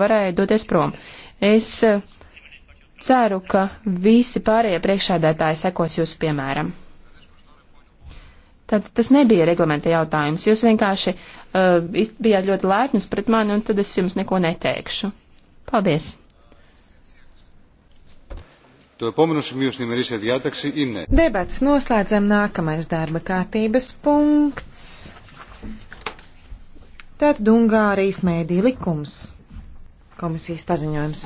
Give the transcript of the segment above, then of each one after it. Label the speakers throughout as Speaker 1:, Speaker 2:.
Speaker 1: varēja doties prom. Es eh, ceru, ka visi pārējie priekšādētāji sekos jūsu piemēram. Tad tas nebija reglamenta jautājums. Jūs vienkārši uh, bijāt ļoti lēpnus pret mani, un tad es jums neko neteikšu. Paldies!
Speaker 2: Debats noslēdzam nākamais darba kārtības punkts. Tātad Ungārijas mēdī likums komisijas paziņojums.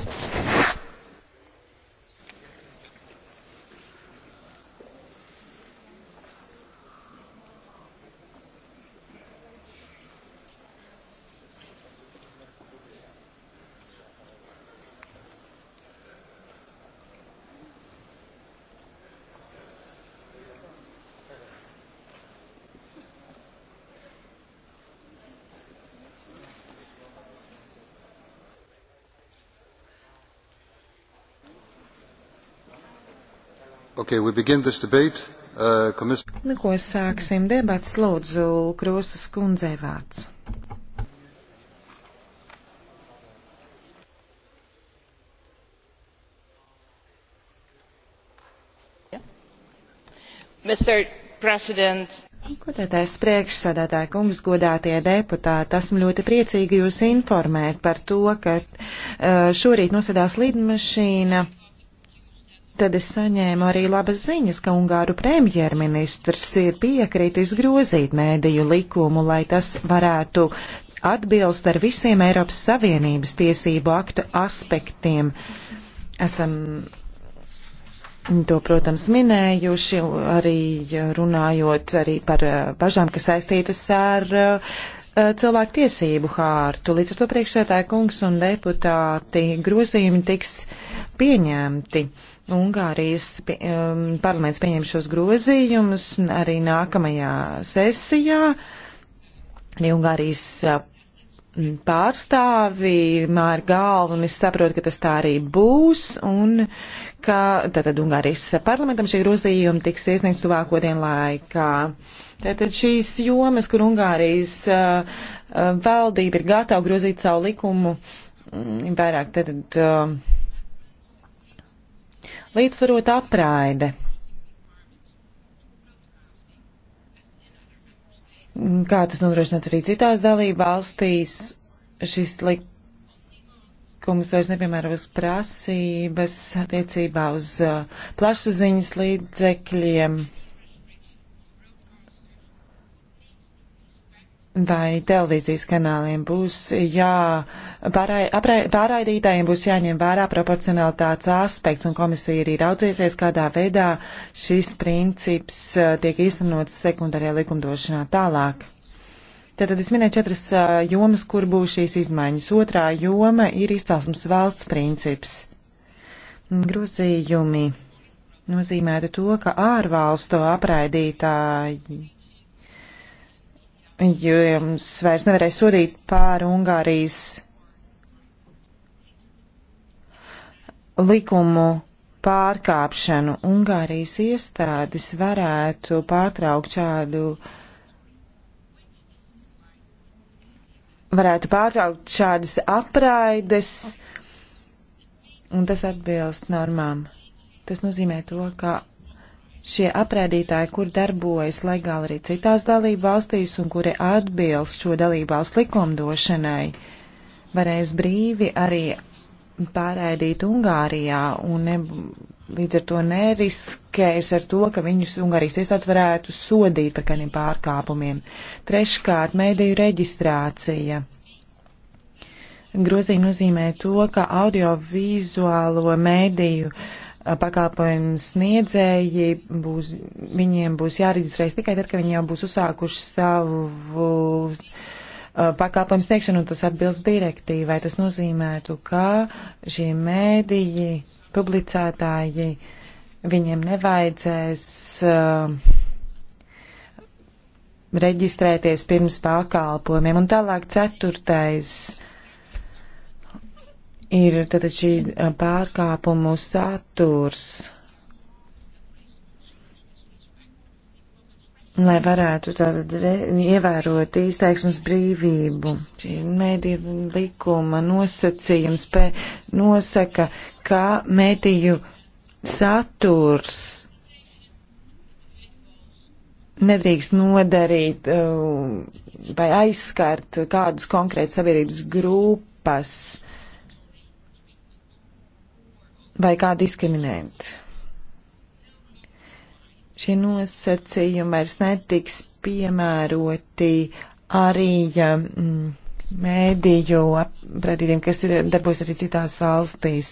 Speaker 3: Okay, uh, komis...
Speaker 2: Nu, ko sāksim debats, lūdzu, Krosas kundzei vārds.
Speaker 1: Ja. Mr. President,
Speaker 2: Godātais priekšsādātāja kungs, godātie deputāti, esmu ļoti priecīgi jūs informēt par to, ka uh, šorīt nosēdās lidmašīna Tad es saņēmu arī labas ziņas, ka Ungāru premjerministrs ir piekritis grozīt mēdīju likumu, lai tas varētu atbilst ar visiem Eiropas Savienības tiesību aktu aspektiem. Esam to, protams, minējuši, arī runājot arī par eh, bažām, kas saistītas ar uh, cilvēku tiesību hārtu. Līdz ar to priekšsētāja kungs un deputāti grozījumi tiks pieņemti. Ungārijas um, parlaments pieņem šos grozījumus arī nākamajā sesijā. Arī Ungārijas uh, pārstāvi māra galvu, un es saprotu, ka tas tā arī būs, un ka tātad Ungārijas parlamentam šie grozījumi tiks iesniegts tuvāko dienu laikā. Tātad šīs jomas, kur Ungārijas uh, uh, valdība ir gatava grozīt savu likumu, mm, vairāk tātad. Uh, līdzsvarot apraide. Kā tas nodrošināts arī citās dalību valstīs, šis likums vairs nepiemēros prasības attiecībā uz uh, plašsaziņas līdzekļiem. vai televīzijas kanāliem būs jā, pārai, aprai, pārraidītājiem būs jāņem vērā proporcionalitātes aspekts, un komisija arī raudzēsies, kādā veidā šis princips tiek īstenots sekundārajā likumdošanā tālāk. Tātad es minēju četras jomas, kur būs šīs izmaiņas. Otrā joma ir izcelsmes valsts princips. Grozījumi nozīmētu to, ka ārvalstu apraidītāji jums vairs nevarēs sodīt pār Ungārijas likumu pārkāpšanu. Ungārijas iestādes varētu pārtraukt šādu. Varētu pārtraukt šādas apraides, un tas atbilst normām. Tas nozīmē to, ka šie aprēdītāji, kur darbojas legāli arī citās dalību valstīs un kuri atbilst šo dalību valstu likumdošanai, varēs brīvi arī pārēdīt Ungārijā un ne, līdz ar to neriskēs ar to, ka viņus Ungārijas iestādes varētu sodīt par kādiem pārkāpumiem. Treškārt, mēdīju reģistrācija. Grozījumi nozīmē to, ka audiovizuālo mēdīju uh, pakalpojumu sniedzēji, būs, viņiem būs jāreģistrējas tikai tad, kad viņi jau būs uzsākuši savu uh, pakalpojumu sniegšanu, un tas atbilst direktīvai. Tas nozīmētu, ka šie mēdīji, publicētāji, viņiem nevajadzēs uh, reģistrēties pirms pakalpojumiem, un tālāk ceturtais ir tātad šī pārkāpumu saturs. lai varētu tātad ievērot izteiksmes brīvību. Šī mēdīja likuma nosacījums pē, nosaka, kā mēdīju saturs nedrīkst nodarīt vai aizskart kādus konkrētas sabiedrības grupas vai kā diskriminēt. Šie nosacījumi vairs netiks piemēroti arī mm, mēdīju apradītiem, kas ir darbojas arī citās valstīs.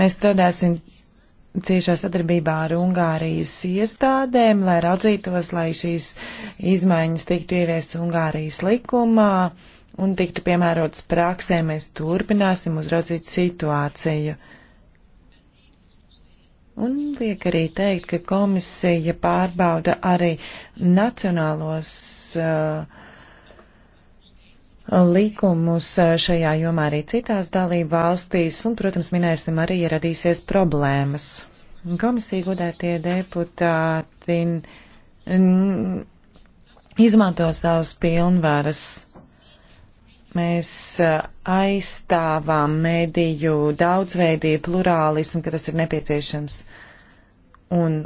Speaker 2: Mēs strādāsim ciešā sadarbībā ar Ungārijas iestādēm, lai raudzītos, lai šīs izmaiņas tiktu ieviestas Ungārijas likumā un tiktu piemērotas praksē. Mēs turpināsim uzraudzīt situāciju. Uh, Un liek arī teikt, ka komisija pārbauda arī nacionālos uh, likumus uh, šajā jomā arī citās dalību valstīs, un, protams, minēsim arī, ja radīsies problēmas. Komisija godētie deputāti izmanto savus pilnvaras Mēs uh, aizstāvām mediju daudzveidību, plurālismu, ka tas ir nepieciešams. Un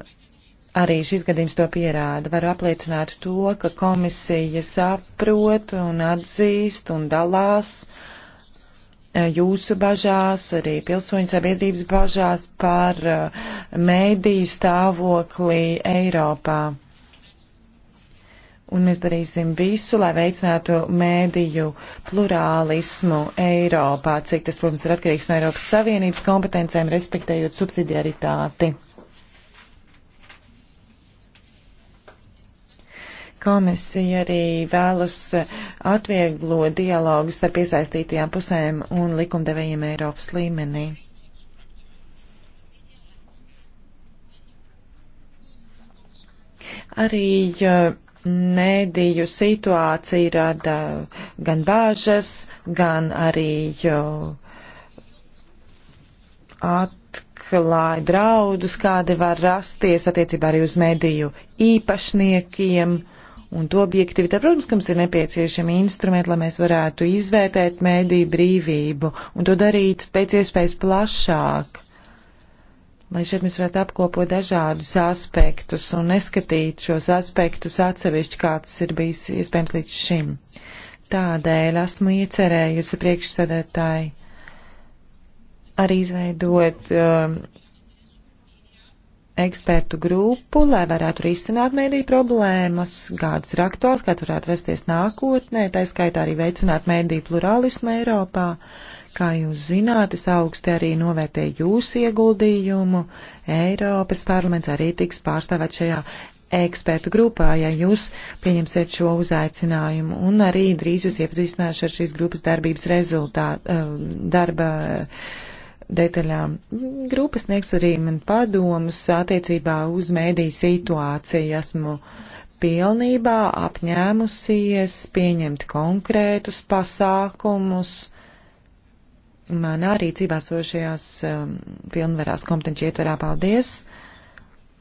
Speaker 2: arī šis gadījums to pierāda. Varu apliecināt to, ka komisija saprot un atzīst un dalās uh, jūsu bažās, arī pilsoņu sabiedrības bažās par uh, mediju stāvokli Eiropā un mēs darīsim visu, lai veicinātu mēdīju plurālismu Eiropā, cik tas, protams, ir atkarīgs no Eiropas Savienības kompetencēm, respektējot subsidiaritāti. Komisija arī vēlas atvieglot dialogu starp iesaistītajām pusēm un likumdevējiem Eiropas līmenī. Arī uh, Mēdīju situācija rada gan bāžas, gan arī atklāja draudus, kādi var rasties attiecībā arī uz mediju īpašniekiem un to objektivitāti. Protams, ka mums ir nepieciešami instrumenti, lai mēs varētu izvērtēt mediju brīvību un to darīt pēc iespējas plašāk lai šeit mēs varētu apkopot dažādus aspektus un neskatīt šos aspektus atsevišķi, kāds ir bijis iespējams līdz šim. Tādēļ esmu iecerējusi priekšsēdētāji arī izveidot um, ekspertu grupu, lai varētu risināt mēdīju problēmas, kādas ir aktuāls, kāds varētu rasties nākotnē, tā skaitā arī veicināt mēdīju plurālismu Eiropā. Uh, Kā jūs zināt, es augsti arī novērtēju jūsu ieguldījumu. Eiropas parlaments arī tiks pārstāvēt šajā ekspertu grupā, ja jūs pieņemsiet šo uzaicinājumu. Un arī drīz jūs iepazīstināšu ar šīs grupas darbības rezultātu, eh, darba detaļām. Grupas sniegs arī man padomus attiecībā uz mēdīju situāciju. Esmu pilnībā apņēmusies pieņemt konkrētus pasākumus manā rīcībā sošajās um, pilnvarās kompetenci ietverā. Paldies!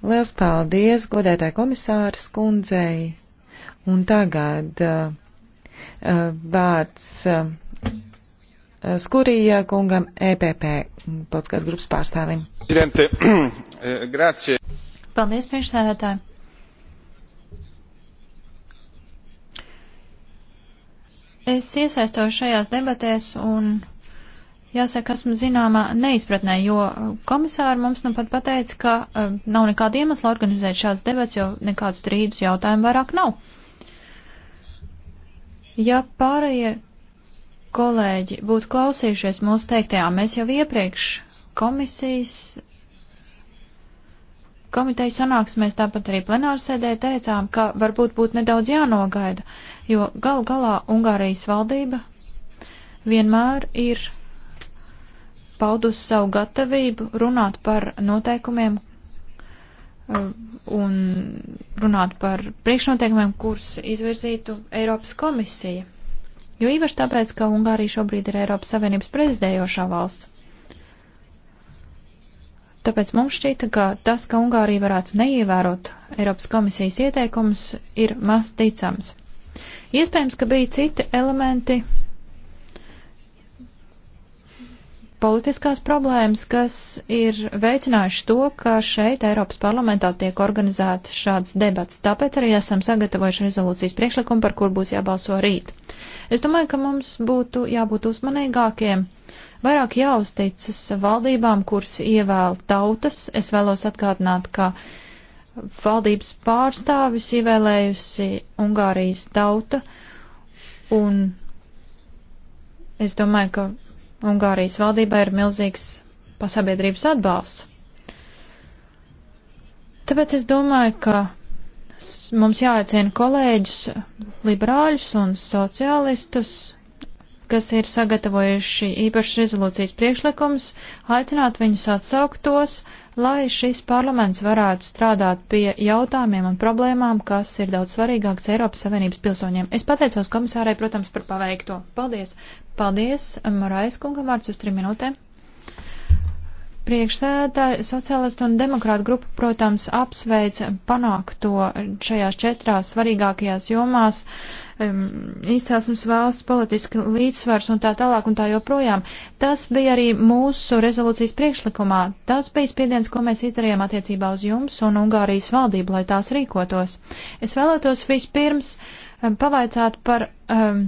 Speaker 2: Liels paldies godētāji komisāras kundzei! Un tagad uh, uh vārds uh, Skurija kungam EPP, politiskās grupas pārstāvim.
Speaker 3: Eh,
Speaker 2: paldies, priekšsēdētāji!
Speaker 4: Es iesaistos šajās debatēs un jāsaka, esmu zināmā neizpratnē, jo uh, komisāri mums nu pat pateica, ka uh, nav nekāda iemesla organizēt šāds debats, jo nekāds strīdus jautājumu vairāk nav. Ja pārējie kolēģi būtu klausījušies mūsu teiktajā, mēs jau iepriekš komisijas komiteju sanāksmēs, tāpat arī plenārsēdē teicām, ka varbūt būtu nedaudz jānogaida, jo gal galā Ungārijas valdība vienmēr ir paudusi savu gatavību runāt par noteikumiem uh, un runāt par priekšnoteikumiem, kurus izvirzītu Eiropas komisija. Jo īpaši tāpēc, ka Ungārija šobrīd ir Eiropas Savienības prezidējošā valsts. Tāpēc mums šķita, ka tas, ka Ungārija varētu neievērot Eiropas komisijas ieteikumus, ir maz ticams. Iespējams, ka bija citi elementi, politiskās problēmas, kas ir veicinājuši to, ka šeit Eiropas parlamentā tiek organizēta šāds debats. Tāpēc arī esam sagatavojuši rezolūcijas priekšlikumu, par kur būs jābalso rīt. Es domāju, ka mums būtu jābūt uzmanīgākiem, vairāk jāuzticas valdībām, kuras ievēl tautas. Es vēlos atgādināt, ka valdības pārstāvis ievēlējusi Ungārijas tauta, un es domāju, ka Ungārijas valdībā ir milzīgs pasabiedrības atbalsts. Tāpēc es domāju, ka mums jāaicina kolēģus, liberāļus un sociālistus, kas ir sagatavojuši īpašas rezolūcijas priekšlikums, aicināt viņus atsaukt tos, uh, lai šis parlaments varētu strādāt pie jautājumiem un problēmām, kas ir daudz svarīgāks Eiropas Savienības pilsoņiem. Es pateicos komisārai, protams, par paveikto. Paldies! Paldies, Marais kungam, vārds uz trim minūtēm. Priekšsēdētāji, sociālistu un demokrātu grupa, protams, apsveic panākto šajās četrās svarīgākajās jomās. Uh, izcelsmes valsts, politiski līdzsvars un tā tālāk un tā joprojām. Tas bija arī mūsu rezolūcijas priekšlikumā. Tas bija spiediens, ko mēs izdarījām attiecībā uz jums un Ungārijas valdību, lai tās rīkotos. Es vēlētos vispirms pavaicāt par um,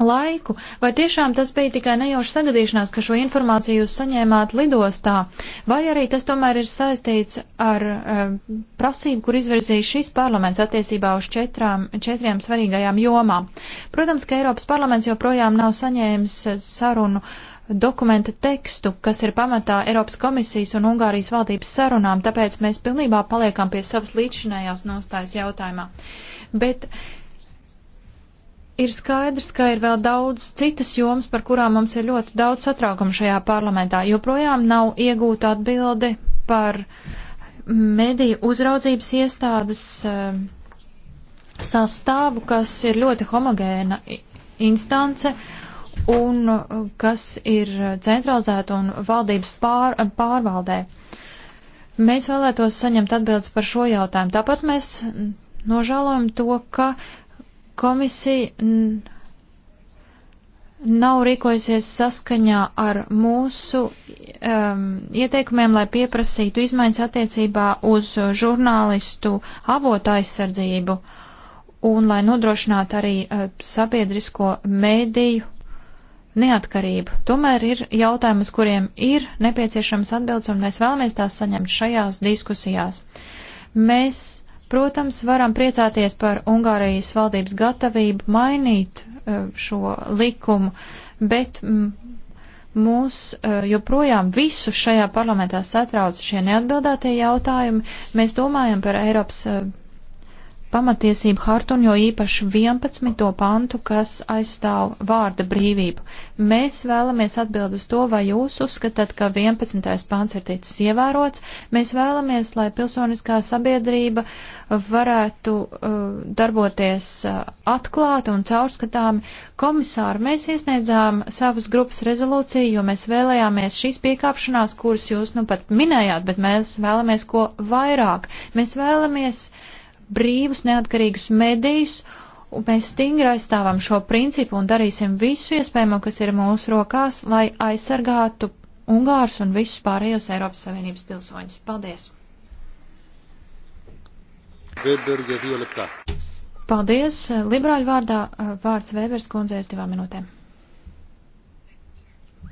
Speaker 4: laiku, vai tiešām tas bija tikai nejauši sagadīšanās, ka šo informāciju jūs saņēmāt lidostā, vai arī tas tomēr ir saistīts ar uh, prasību, kur izvirzīs šis parlaments attiecībā uz četrām, četriem svarīgajām jomām. Protams, ka Eiropas parlaments joprojām nav saņēmis sarunu dokumenta tekstu, kas ir pamatā Eiropas komisijas un Ungārijas valdības sarunām, tāpēc mēs pilnībā paliekam pie savas līdzinējās nostājas jautājumā. Bet uh, ir skaidrs, ka ir vēl daudz citas jomas, par kurām mums ir ļoti daudz satraukumu šajā parlamentā. Joprojām nav iegūta atbildi par mediju uzraudzības iestādes uh, sastāvu, kas ir ļoti homogēna instance un uh, kas ir centralizēta un valdības pār, pārvaldē. Mēs vēlētos saņemt atbildes par šo jautājumu. Tāpat mēs nožēlojam to, ka uh, Komisija nav rīkojusies saskaņā ar mūsu um, ieteikumiem, lai pieprasītu izmaiņas attiecībā uz žurnālistu avotu aizsardzību un lai nodrošinātu arī uh, sabiedrisko mēdīju neatkarību. Tomēr ir jautājumi, uz kuriem ir nepieciešams atbildes, un mēs vēlamies tās saņemt šajās diskusijās. Mēs Protams, varam priecāties par Ungārijas valdības gatavību mainīt eh, šo likumu, bet mm, mūs eh, joprojām visu šajā parlamentā satrauc šie neatbildētie jautājumi. Mēs domājam par Eiropas eh, pamatiesību hartu un jo īpaši 11. pantu, kas aizstāv vārda brīvību. Mēs vēlamies atbild uz to, vai jūs uzskatāt, ka 11. pants ir ticis ievērots. Mēs vēlamies, lai pilsoniskā sabiedrība varētu uh, darboties uh, atklāti un caurskatāmi. Komisāri, mēs iesniedzām savas grupas rezolūciju, jo mēs vēlējāmies šīs piekāpšanās, kuras jūs nu pat minējāt, bet mēs vēlamies ko vairāk. Mēs vēlamies uh, brīvus, neatkarīgus medijus, un mēs stingri aizstāvam šo principu un darīsim visu iespējamo, kas ir mūsu rokās, lai aizsargātu Ungārs un visus pārējos Eiropas Savienības pilsoņus. Paldies! Paldies! Liberāļu vārdā uh, vārds Vēbers kundzei uz divām minūtēm.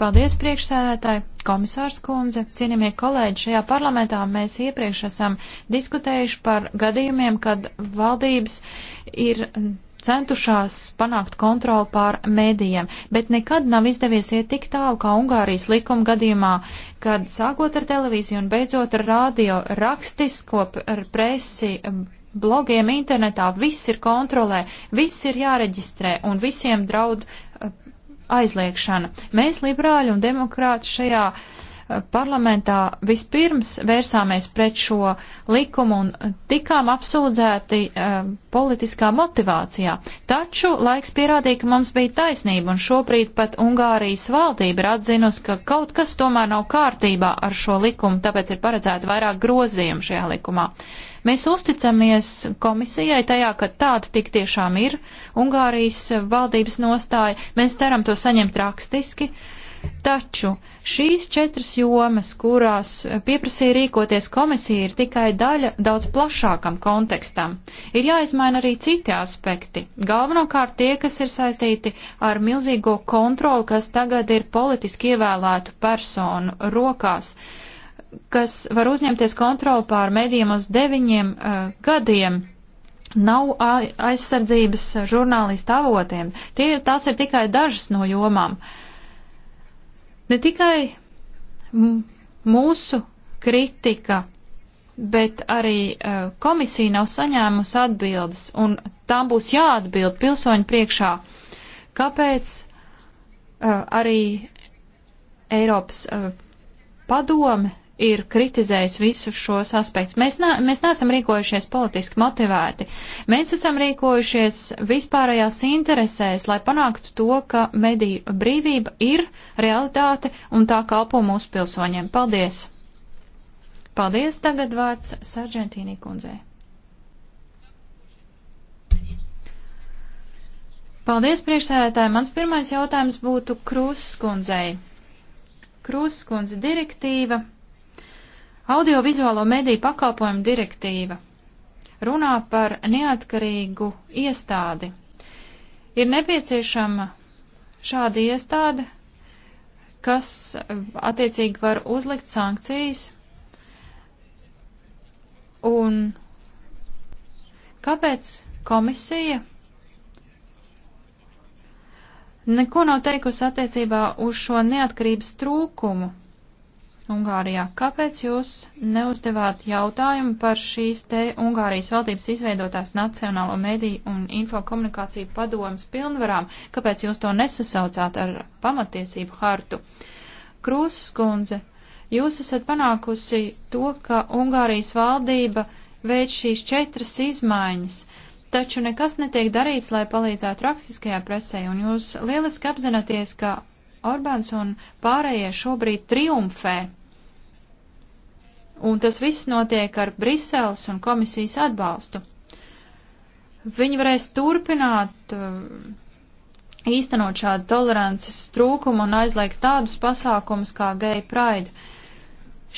Speaker 4: Paldies, priekšsēdētāji, komisārs kundze, cienījamie kolēģi. Šajā parlamentā mēs iepriekš esam diskutējuši par gadījumiem, kad valdības ir centušās panākt kontroli pār mēdījiem, bet nekad nav izdevies iet tik tālu kā Ungārijas likuma gadījumā, kad sākot ar televīziju un beidzot ar radio rakstisko ar presi, blogiem internetā, viss ir kontrolē, viss ir jāreģistrē un visiem draud aizliekšana. Mēs, liberāļi un demokrāti, šajā eh, parlamentā vispirms vērsāmies pret šo likumu un tikām apsūdzēti uh, politiskā motivācijā. Taču laiks pierādīja, ka mums bija taisnība, un šobrīd pat Ungārijas valdība ir atzinusi, ka kaut kas tomēr nav kārtībā ar šo likumu, tāpēc ir paredzēta vairāk grozījumu šajā likumā. Uh, Mēs uzticamies komisijai tajā, ka tāda tik tiešām ir Ungārijas valdības nostāja. Mēs ceram to saņemt rakstiski. Taču šīs četras jomas, kurās pieprasīja rīkoties komisija, ir tikai daļa daudz plašākam kontekstam. Ir jāizmaina arī citi aspekti. Galvenokārt tie, kas ir saistīti ar milzīgo kontroli, kas tagad ir politiski ievēlētu personu rokās. Uh, kas var uzņemties kontroli pār medijiem uz deviņiem uh, gadiem, nav aizsardzības eh, žurnālistu avotiem. Tie ir, tās ir tikai dažas no jomām. Ne tikai mūsu kritika, bet arī uh, komisija nav saņēmusi atbildes, un tām būs jāatbild pilsoņu priekšā. Kāpēc uh, arī Eiropas uh, padome ir kritizējis visus šos aspektus. Mēs, nā, mēs neesam rīkojušies politiski motivēti. Mēs esam rīkojušies vispārējās interesēs, lai panāktu to, ka mediju brīvība ir realitāte un tā kalpo mūsu pilsoņiem. Paldies! Paldies! Tagad vārds Sargentīnī kundzei. Paldies, priekšsēdētāji! Mans pirmais jautājums būtu Krūskundzei. Krūskundze direktīva Audiovizuālo mediju pakalpojumu direktīva runā par neatkarīgu iestādi. Ir nepieciešama šāda iestāde, kas eh, attiecīgi var uzlikt sankcijas un kāpēc komisija neko nav teikusi attiecībā uz šo neatkarības trūkumu. Ungārijā. Kāpēc jūs neuzdevāt jautājumu par šīs te Ungārijas valdības izveidotās Nacionālo mediju un infokomunikāciju padomas pilnvarām? Kāpēc jūs to nesasaucāt ar pamatiesību hartu? Krūzes kundze, jūs esat panākusi to, ka Ungārijas valdība veic šīs četras izmaiņas, taču nekas netiek darīts, lai palīdzētu rakstiskajā presē, un jūs lieliski apzināties, ka Orbāns un pārējie šobrīd triumfē. Un tas viss notiek ar Briseles un komisijas atbalstu. Viņi varēs turpināt uh, īstenot šādu tolerances trūkumu un aizliegt tādus pasākumus kā geju praidu.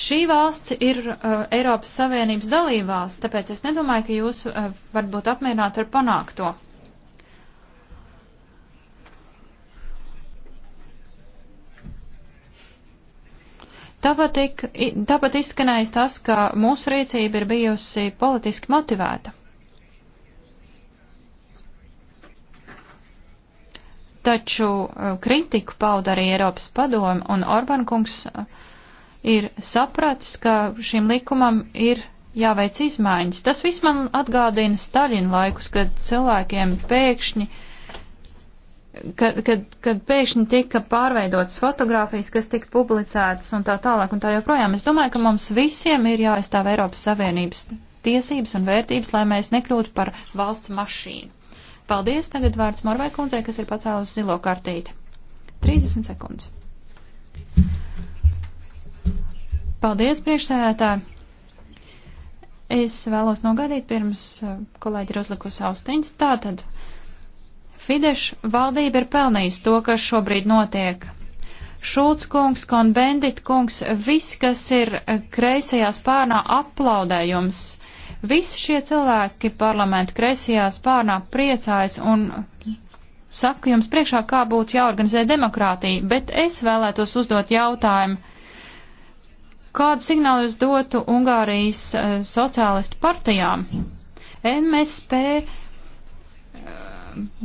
Speaker 4: Šī valsts ir uh, Eiropas Savienības dalībvalsts, tāpēc es nedomāju, ka jūs uh, varat būt apmierināti ar panākto. Tāpat, ik, tāpat izskanējis tas, ka mūsu rīcība ir bijusi politiski motivēta. Taču e, kritiku pauda arī Eiropas padomu, un Orban kungs e, ir sapratis, ka šim likumam ir jāveic izmaiņas. Tas viss man atgādina Staļina laikus, kad cilvēkiem pēkšņi uh, kad, kad, kad pēkšņi tika pārveidotas fotogrāfijas, kas tika publicētas un tā tālāk un tā joprojām. Es domāju, ka mums visiem ir jāaizstāv Eiropas Savienības tiesības un vērtības, lai mēs nekļūtu par valsts mašīnu. Paldies, tagad vārds Morvai kundzei, kas ir pacēlusi zilo kartīti. 30 sekundes. Paldies, priekšsēdētāji! Es vēlos nogaidīt pirms eh, kolēģi ir uzlikusi austiņas. Tātad Fidesz valdība ir pelnījusi to, kas šobrīd notiek. Šulc kungs, konbendit kungs, viss, kas ir eh, kreisajā spārnā aplaudējums. Visi šie cilvēki parlamenta kreisajā spārnā priecājas un saku jums priekšā, kā būtu jāorganizē demokrātija, bet es vēlētos uzdot jautājumu. Kādu signālu jūs dotu Ungārijas eh, sociālistu partijām? NMSP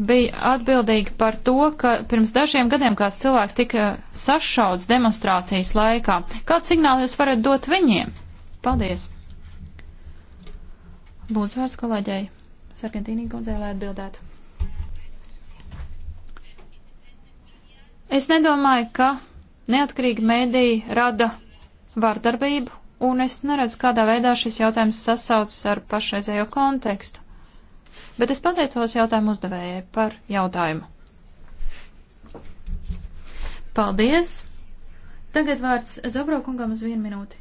Speaker 4: bija atbildīgi par to, ka pirms dažiem gadiem kāds cilvēks tika sašauts demonstrācijas laikā. Kādu signālu jūs varat dot viņiem? Paldies! Lūdzu, vārds kolēģei Sargentīnī kundzei, lai atbildētu. Es nedomāju, ka neatkarīgi mēdīji rada vardarbību, un es neredzu, kādā veidā šis jautājums sasaucas ar pašreizējo kontekstu. Bet es pateicos jautājumu uzdevējai par jautājumu. Paldies! Tagad vārds Zobro kungam uz vienu minūti.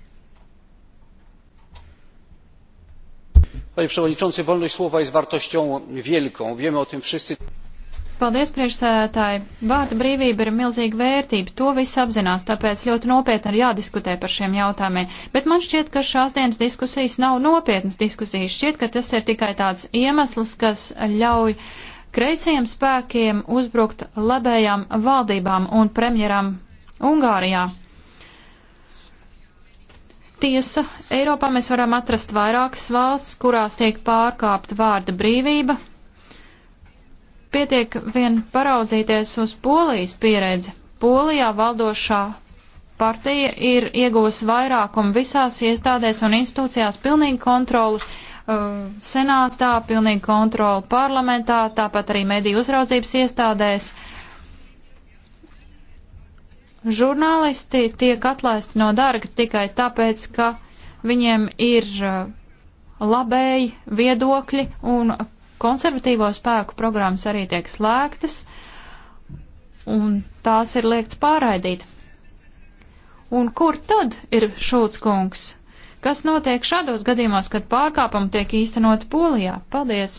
Speaker 5: Panie przewodniczący, wolność słowa jest wartością wielką. Wiemy o tym wszyscy.
Speaker 4: Paldies, priekšsēdētāji! Vārda brīvība ir milzīga vērtība, to viss apzinās, tāpēc ļoti nopietni ir jādiskutē par šiem jautājumiem. Bet man šķiet, ka šās dienas diskusijas nav nopietnas diskusijas. Šķiet, ka tas ir tikai tāds iemesls, kas ļauj kreisajiem spēkiem uzbrukt labējām valdībām un premjeram Ungārijā. Tiesa, Eiropā mēs varam atrast vairākas valsts, kurās tiek pārkāpta vārda brīvība, Pietiek vien paraudzīties uz Polijas pieredzi. Polijā valdošā partija ir iegūs vairākumu visās iestādēs un institūcijās pilnīgi kontroli uh, senātā, pilnīgi kontroli parlamentā, tāpat arī mediju uzraudzības iestādēs. Žurnālisti tiek atlaisti no darga tikai tāpēc, ka viņiem ir uh, labēji viedokļi un konservatīvo spēku programmas arī tiek slēgtas, un tās ir liekts pārraidīt. Un kur tad ir Šulc kungs? Kas notiek šādos gadījumos, kad pārkāpumi tiek īstenoti Polijā? Paldies!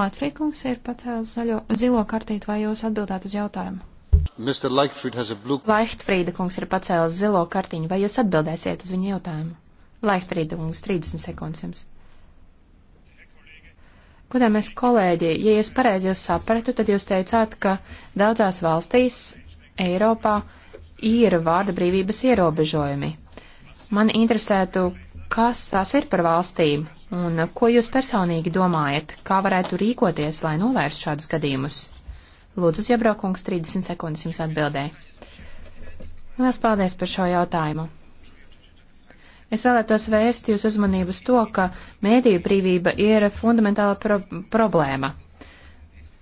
Speaker 1: Latvijas kungs ir pacēlis zaļo, zilo kartīti, vai jūs atbildētu uz jautājumu?
Speaker 3: Blue...
Speaker 1: Laichtfrīda kungs ir pacēlis zilo kartiņu, vai jūs atbildēsiet uz viņa jautājumu? Laihfrīdungs, 30 sekundes jums. Kodāmies kolēģi, ja es pareizi jūs sapratu, tad jūs teicāt, ka daudzās valstīs Eiropā ir vārda brīvības ierobežojumi. Man interesētu, kas tās ir par valstīm un ko jūs personīgi domājat, kā varētu rīkoties, lai novērstu šādus gadījumus. Lūdzu, Jebraukungs, 30 sekundes jums atbildēja. Lielas paldies par šo jautājumu. Es vēlētos vērst jūs uzmanību uz to, ka mēdīju brīvība ir fundamentāla pro problēma.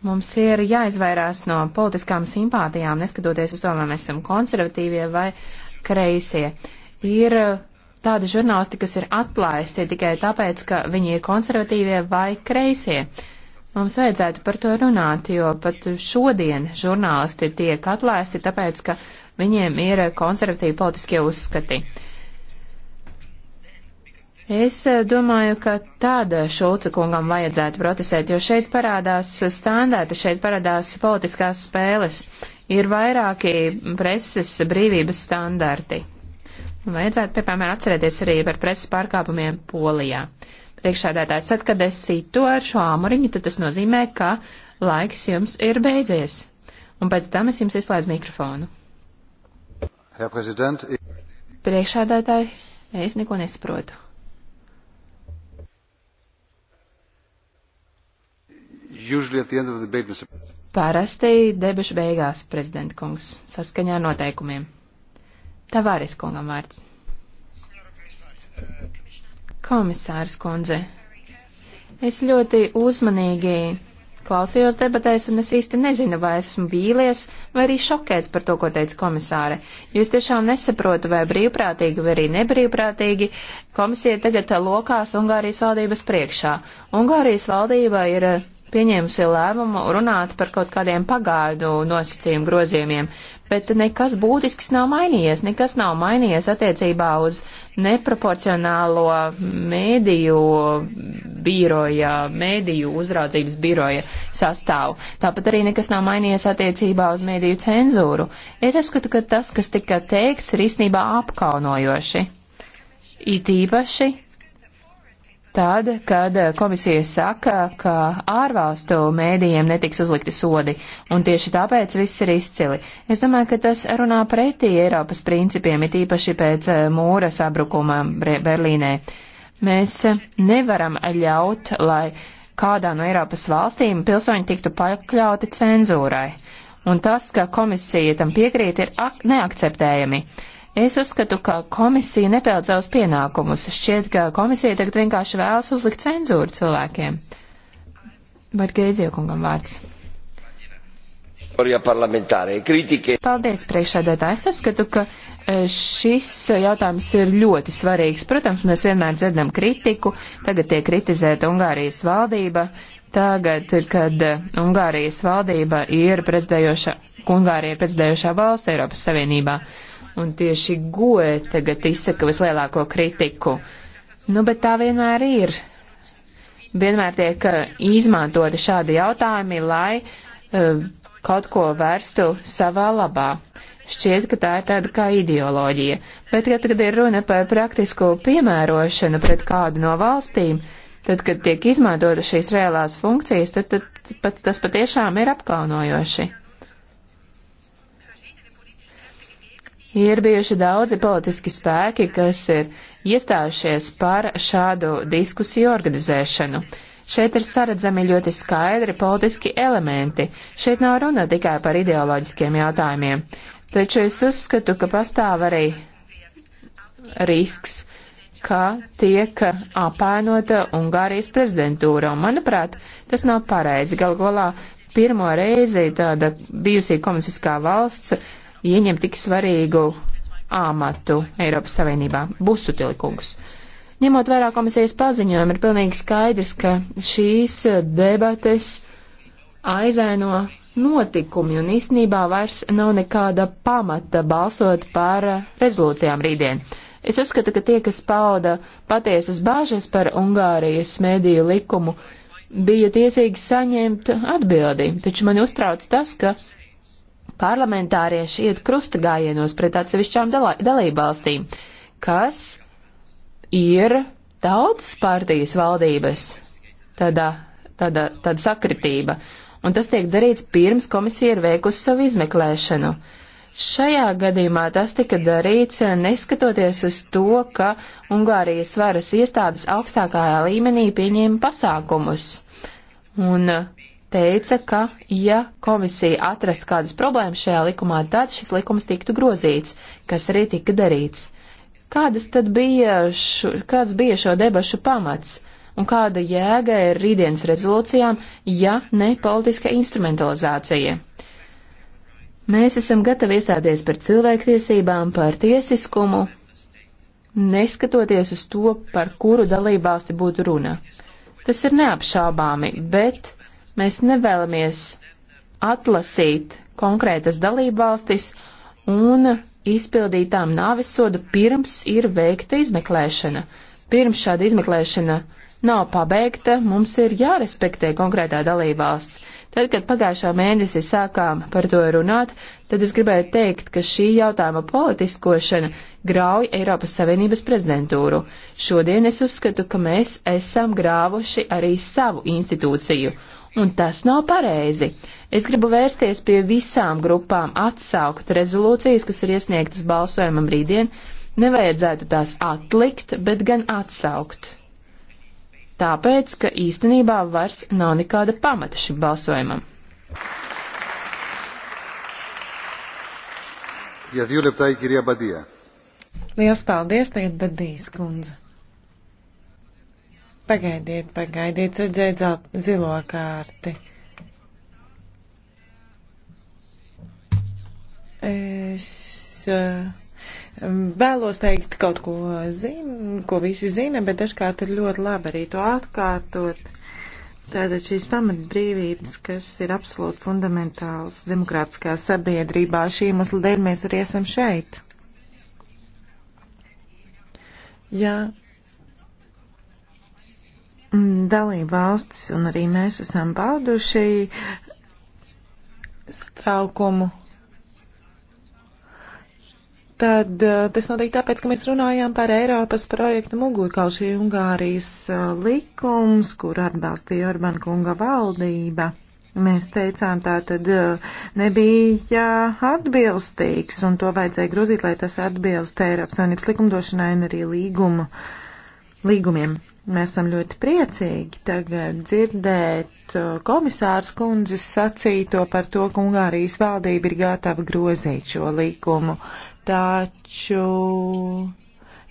Speaker 1: Mums ir jāizvairās no politiskām simpātijām, neskatoties uz to, vai mēs esam konservatīvie vai kreisie. Ir tādi žurnālisti, kas ir atlaisti tikai tāpēc, ka viņi ir konservatīvie vai kreisie. Mums vajadzētu par to runāt, jo pat šodien žurnālisti tiek atlaisti tāpēc, ka viņiem ir konservatīvi politiskie uzskati. Es e, domāju, ka tāda Šulca kungam vajadzētu protestēt, jo šeit parādās standārti, šeit parādās politiskās spēles. Ir vairāki preses brīvības standarti. Un vajadzētu, piemēram, atcerēties arī par preses pārkāpumiem Polijā. Priekšādātājs, tad, kad es situ ar šo āmuriņu, tad tas nozīmē, ka laiks jums ir beidzies. Un pēc tam es jums izslēdzu mikrofonu. Priekšādātāji, es neko nesaprotu. debate, Parasti debašu beigās, prezidenta kungs, saskaņā ar noteikumiem. Tavāris kungam vārds. Komisārs kundze, es ļoti uzmanīgi klausījos debatēs, un es īsti nezinu, vai es esmu vīlies vai arī šokēts par to, ko teica komisāre. Jo es tiešām nesaprotu, vai brīvprātīgi vai arī nebrīvprātīgi komisija tagad lokās Ungārijas valdības priekšā. Ungārijas valdība ir pieņēmusi lēmumu runāt par kaut kādiem pagaidu nosacījumu grozījumiem, bet nekas būtisks nav mainījies, nekas nav mainījies attiecībā uz neproporcionālo mēdīju biroja, mēdīju uzraudzības biroja sastāvu. Tāpat arī nekas nav mainījies attiecībā uz mēdīju cenzūru. Es uzskatu, ka tas, kas tika teikts, ir īstenībā apkaunojoši. It īpaši tad, kad eh, komisija saka, ka ārvalstu mēdījiem netiks uzlikti sodi, un tieši tāpēc viss ir izcili. Es domāju, ka tas runā pretī Eiropas principiem, it īpaši pēc eh, mūra sabrukuma Berlīnē. Mēs nevaram ļaut, lai kādā no Eiropas valstīm pilsoņi tiktu pakļauti cenzūrai. Un tas, ka komisija tam piekrīt, ir neakceptējami. Es uzskatu, ka komisija nepeld savus pienākumus. Šķiet, ka komisija tagad vienkārši vēlas uzlikt cenzūru cilvēkiem. Bet Geiziekungam vārds.
Speaker 5: Paldies,
Speaker 1: priekšādētāji. Es uzskatu, ka e, šis jautājums ir ļoti svarīgs. Protams, mēs vienmēr dzirdam kritiku, tagad tiek kritizēta Ungārijas valdība, tagad, kad Ungārijas valdība ir prezidējoša, Ungārija ir prezidējošā valsts Eiropas Savienībā un tieši goe tagad izsaka vislielāko kritiku. Nu, bet tā vienmēr ir. Vienmēr tiek eh, izmantoti šādi jautājumi, lai uh, kaut ko vērstu savā labā. Šķiet, ka tā ir tāda kā ideoloģija. Bet, ja tagad ir runa par praktisko piemērošanu pret kādu no valstīm, tad, kad tiek izmantota šīs reālās funkcijas, tad, tad pat, tas patiešām ir apkaunojoši. Ir bijuši daudzi politiski spēki, kas ir iestājušies par šādu diskusiju organizēšanu. Šeit ir saredzami ļoti skaidri politiski elementi. Šeit nav runa tikai par ideoloģiskiem jautājumiem. Taču es uzskatu, ka pastāv arī risks, ka tiek apēnota Ungārijas prezidentūra. Un, manuprāt, tas nav pareizi. Galgolā pirmo reizi tāda bijusī komunistiskā valsts ieņem tik svarīgu āmatu Eiropas Savienībā - Busutilikungs. Ņemot vērā komisijas paziņojumu, ir pilnīgi skaidrs, ka šīs debates aizaino notikumi un īstenībā vairs nav nekāda pamata balsot par rezolūcijām rītdien. Es uzskatu, ka tie, kas pauda patiesas bāžas par Ungārijas mediju likumu, bija tiesīgi saņemt atbildi, taču mani uztrauc tas, ka parlamentārieši iet krusta gājienos pret atsevišķām dalībvalstīm, kas ir tautas partijas valdības tādā, tādā, tāda sakritība. Un tas tiek darīts pirms komisija ir veikusi savu izmeklēšanu. Šajā gadījumā tas tika darīts neskatoties uz to, ka Ungārijas varas iestādes augstākajā līmenī pieņēma pasākumus. Un uh, teica, ka ja komisija atrast kādas problēmas šajā likumā, tad šis likums tiktu grozīts, kas arī tika darīts. Kādas tad bija, šo, kāds bija šo debašu pamats? un kāda jēga ir rītdienas rezolūcijām, ja ne politiska instrumentalizācija. Mēs esam gatavi iestāties par cilvēktiesībām, par tiesiskumu, neskatoties uz to, par kuru dalībvalsti būtu runa. Tas ir neapšābāmi, bet Mēs nevēlamies atlasīt konkrētas dalībvalstis un izpildītām nāvisodu pirms ir veikta izmeklēšana. Pirms šāda izmeklēšana nav pabeigta, mums ir jārespektē konkrētā dalībvalsts. Tad, kad pagājušā mēnesī sākām par to runāt, tad es gribēju teikt, ka šī jautājuma politiskošana grauj Eiropas Savienības prezidentūru. Šodien es uzskatu, ka mēs esam grāvuši arī savu institūciju, Un tas nav pareizi. Es gribu vērsties pie visām grupām atsaukt rezolūcijas, kas ir iesniegtas balsojumam rītdien. Nevajadzētu tās atlikt, bet gan atsaukt. Tāpēc, ka īstenībā vairs nav nekāda pamata šim balsojumam.
Speaker 3: Ja
Speaker 2: Lielas paldies, tagad Badīs kundze. Pagaidiet, pagaidiet, redzēt zilo kārti. Es eh, vēlos teikt kaut ko, zin, ko visi zina, bet dažkārt ir ļoti labi arī to atkārtot. Tātad šīs pamatbrīvības, kas ir absolūti fundamentāls demokrātiskā sabiedrībā, šī iemesla dēļ mēs arī esam šeit. Jā, ja Dalība valstis un arī mēs esam pauduši satraukumu. Tad eh, tas notiek tāpēc, ka mēs runājām par Eiropas projektu mugurkaušī Ungārijas eh, likums, kur atbalstīja Orbán kunga valdība. Mēs teicām, tā tad eh, nebija atbilstīgs, un to vajadzēja grozīt, lai tas atbilst Eiropas Savienības likumdošanai un arī līgumu, līgumiem. Mēs esam ļoti priecīgi tagad dzirdēt uh, komisārs kundzes sacīto par to, ka Ungārijas valdība ir gatava grozīt šo likumu. Taču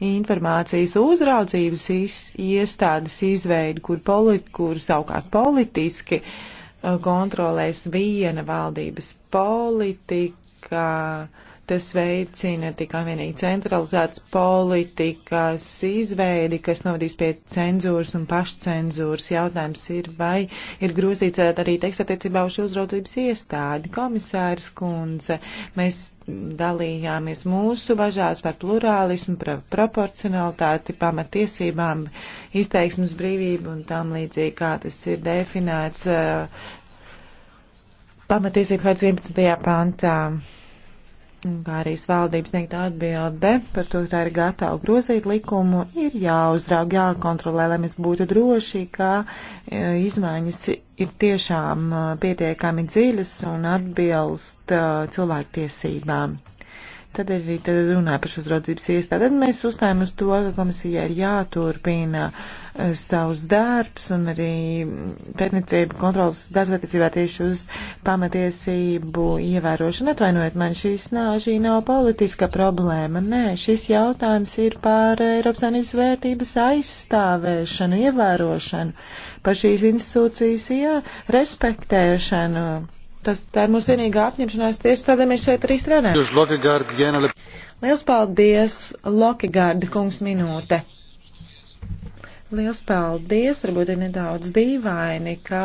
Speaker 2: informācijas uzraudzības iz, iestādes izveidi, kur, polit, kur savukārt politiski uh, kontrolēs viena valdības politika, Tas veicina tikai vienīgi centralizētas politikas izveidi, kas novadīs pie cenzūras un pašcenzūras. Jautājums ir, vai ir grozīts arī teiks attiecībā uz uzraudzības iestādi. Komisārs Kunze, mēs dalījāmies mūsu bažās par plurālismu, par proporcionalitāti, pamatiesībām, izteiksmes brīvību un tam līdzīgi, kā tas ir definēts uh, pamatiesību kāds 11. pantā. Uh, Pārijas valdības sniegta atbilde par to, ka tā ir gatava grozīt likumu, ir jāuzraug, jākontrolē, lai mēs būtu droši, ka e, izmaiņas ir tiešām e, pietiekami dziļas un atbilst e, cilvēku tiesībām. Tad arī tad runāja par šo uzraudzības iestādi. Tad mēs uzstājam uz to, ka komisija ir jāturpina uh, Eh, savus darbs un arī pētniecība kontrolas darbs attiecībā tieši uz pamatiesību ievērošanu. Atvainojiet man, šīs nav, šī nav politiska problēma. Nē, šis jautājums ir par Eiropas Savienības vērtības aizstāvēšanu, ievērošanu, par šīs institūcijas jā, respektēšanu. Tas tā ir mūsu vienīgā apņemšanās, tieši tādēļ mēs šeit arī
Speaker 3: strādājam.
Speaker 2: Liels paldies, Lokigārda kungs minūte. Liels paldies! Varbūt ir nedaudz dīvaini, ka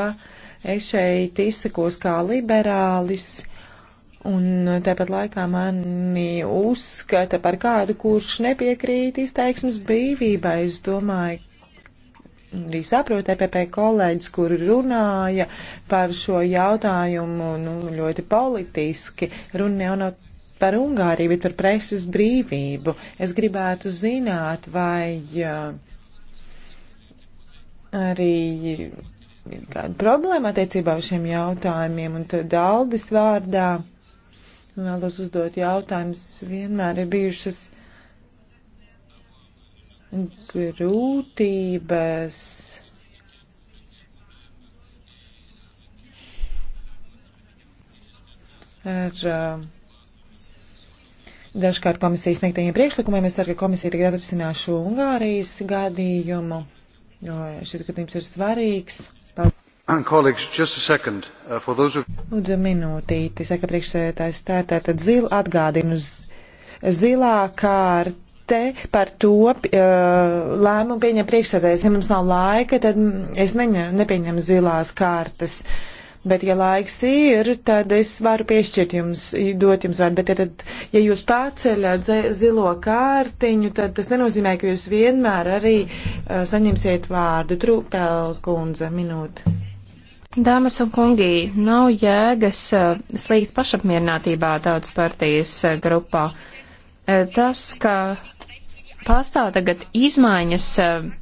Speaker 2: es šeit izsakos kā liberālis, un tāpat laikā mani uzskata par kādu, kurš nepiekrīt izteiksmes brīvībai. Es domāju, arī saprotu EPP kolēģis, kur runāja par šo jautājumu nu, ļoti politiski. Runa jau nav par Ungāriju, bet par preses brīvību. Es gribētu zināt, vai. Uh, arī ir kāda problēma attiecībā uz šiem jautājumiem, un tad Aldis vārdā vēlos uzdot jautājumus. Vienmēr ir bijušas grūtības. Ar, uh, dažkārt komisijas sniegtajiem priekšlikumiem. Es ceru, ka komisija tagad atrisinās šo Ungārijas gadījumu jo šis gadījums ir svarīgs.
Speaker 3: Uh, Lūdzu,
Speaker 2: minūtīti, saka priekšsēdētājs, tā tātad zil atgādina uz zilā kārte par to uh, lēmumu pieņem priekšsēdētājs. Ja mums nav laika, tad es neņem, nepieņemu zilās kārtas. Uh, Bet, ja laiks ir, tad es varu piešķirt jums, dot jums vārdu. Bet, ja, tad, ja jūs pārceļat zilo kārtiņu, tad tas nenozīmē, ka jūs vienmēr arī
Speaker 1: uh, saņemsiet vārdu. Trūpēl kundze, minūte. Dāmas un kungi, nav jēgas uh, slīgt pašapmierinātībā tautas partijas uh, grupā. Uh, tas, ka pastāv tagad izmaiņas uh,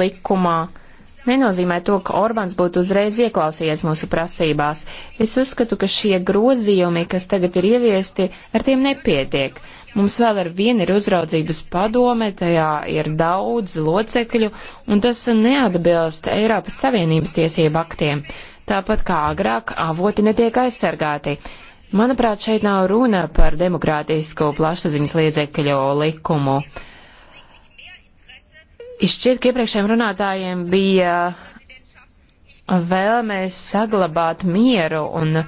Speaker 1: likumā, uh, nenozīmē to, ka Orbāns būtu uzreiz ieklausījies mūsu prasībās. Es uzskatu, ka šie grozījumi, kas tagad ir ieviesti, ar tiem nepietiek. Mums vēl ar vienu ir uzraudzības padome, tajā ir daudz locekļu, un tas neatbilst Eiropas Savienības tiesību aktiem. Tāpat kā agrāk, avoti netiek aizsargāti. Manuprāt, šeit nav runa par demokrātisko plašsaziņas liedzekļu likumu. Uh, Izšķiet, ka iepriekšējiem runātājiem bija vēlamies saglabāt mieru un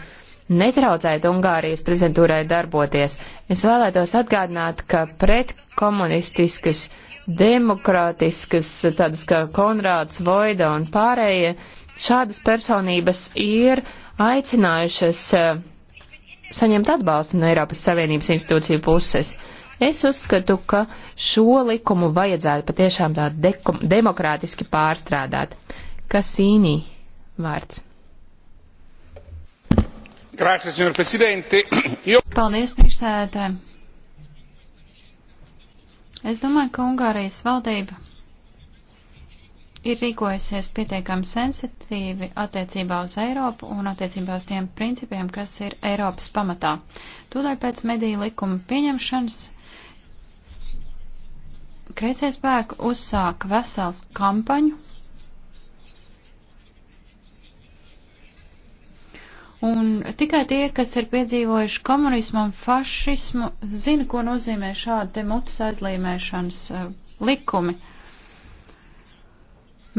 Speaker 1: netraucēt Ungārijas prezidentūrai darboties. Es vēlētos atgādināt, ka pretkomunistiskas, demokrātiskas, tādas kā Konrāds, Voida un pārējie, šādas personības ir aicinājušas eh, saņemt atbalstu no Eiropas Savienības institūciju puses. Es uzskatu, ka šo likumu vajadzētu patiešām tā demokrātiski pārstrādāt. Kasīnī
Speaker 3: vārds. Grācies, senor prezidente.
Speaker 1: Jo...
Speaker 4: Paldies, priekšsēdētāji. Es domāju, ka Ungārijas valdība ir rīkojusies pietiekami sensitīvi attiecībā uz Eiropu un attiecībā uz tiem principiem, kas ir Eiropas pamatā. Tūdaļ pēc mediju likuma pieņemšanas kreisie spēki uzsāka vesels kampaņu. Un tikai tie, kas ir piedzīvojuši komunismu un fašismu, zina, ko nozīmē šādi te mutes aizlīmēšanas uh, likumi.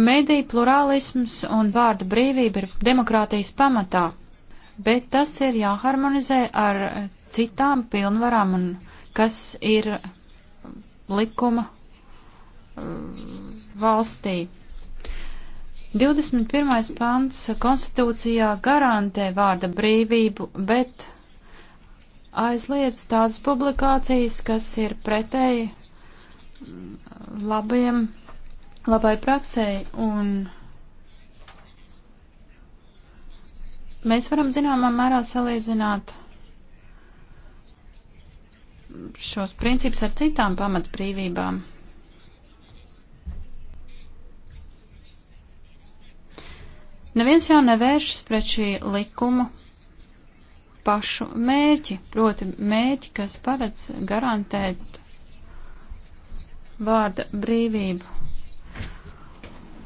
Speaker 4: Mediju plurālisms un vārda brīvība ir demokrātijas pamatā, bet tas ir jāharmonizē ar citām pilnvarām, un kas ir likuma Uh, valstī. 21. pants konstitūcijā garantē vārda brīvību, bet aizliedz tādas publikācijas, kas ir pretēji mm, labiem, labai praksēji, un mēs varam zināmā mērā salīdzināt šos principus ar citām pamatbrīvībām. Neviens jau nevēršas pret šī likuma pašu mērķi, proti mērķi, kas paredz garantēt vārda brīvību.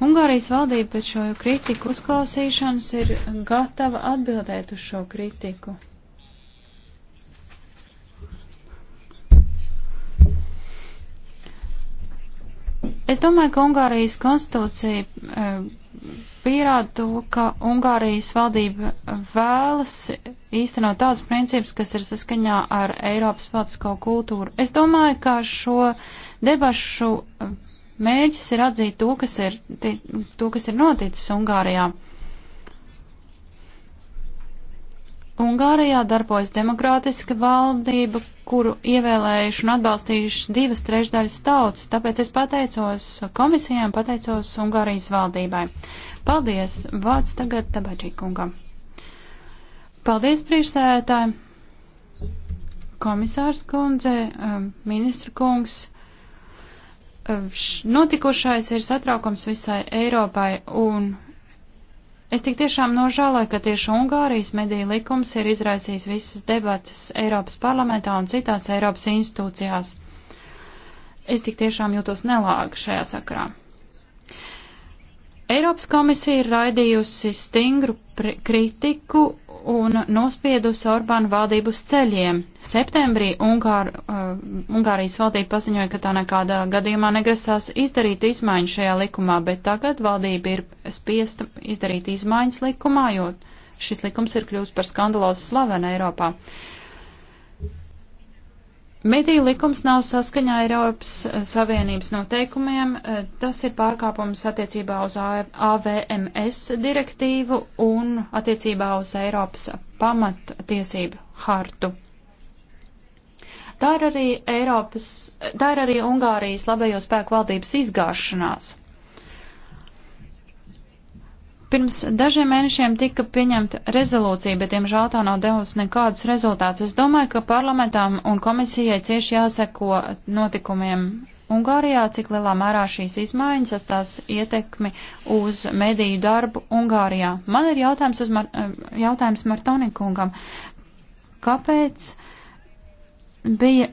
Speaker 4: Ungārijas valdība pēc šo kritiku uzklausīšanas ir gatava atbildēt uz šo kritiku. Es domāju, ka Ungārijas konstitūcija eh, pierāda to, ka Ungārijas valdība vēlas īstenot tādus principus, kas ir saskaņā ar Eiropas politisko kultūru. Es domāju, ka šo debašu mērķis ir atzīt to, kas ir, to, kas ir noticis Ungārijā. Ungārijā darbojas demokrātiska valdība, kuru ievēlējuši un atbalstījuši divas trešdaļas tautas, tāpēc es pateicos komisijām, pateicos Ungārijas valdībai. Paldies! Vārds tagad Tabaģī kungam. Paldies, priekšsēdētāji! Komisārs kundze, um, ministra kungs. Um, Notikušais ir satraukums visai Eiropai un Es tik tiešām nožēloju, ka tieši Ungārijas mediju likums ir izraisījis visas debatas Eiropas parlamentā un citās Eiropas institūcijās. Es tik tiešām jūtos nelāgi šajā sakrā. Eiropas komisija ir raidījusi stingru kritiku un nospiedusi Orbānu valdību uz ceļiem. Septembrī Ungār, uh, Ungārijas valdība paziņoja, ka tā nekādā gadījumā negrasās izdarīt izmaiņas šajā likumā, bet tagad valdība ir spiesta izdarīt izmaiņas likumā, jo šis likums ir kļūst par skandalozu slavenu Eiropā. Uh, Mediju likums nav saskaņā ar Eiropas Savienības noteikumiem. Tas ir pārkāpums attiecībā uz AVMS direktīvu un attiecībā uz Eiropas pamattiesību hartu. Tā ir arī, Eiropas, tā ir arī Ungārijas labējo spēku valdības izgāšanās. Pirms dažiem mēnešiem tika pieņemta rezolūcija, bet, diemžēl, tā nav devusi nekādus rezultātus. Es domāju, ka parlamentām un komisijai cieši jāseko notikumiem Ungārijā, cik lielā mērā šīs izmaiņas atstās ietekmi uz mediju darbu Ungārijā. Man ir jautājums, uz Mar eh, jautājums Martonikungam. Kāpēc bija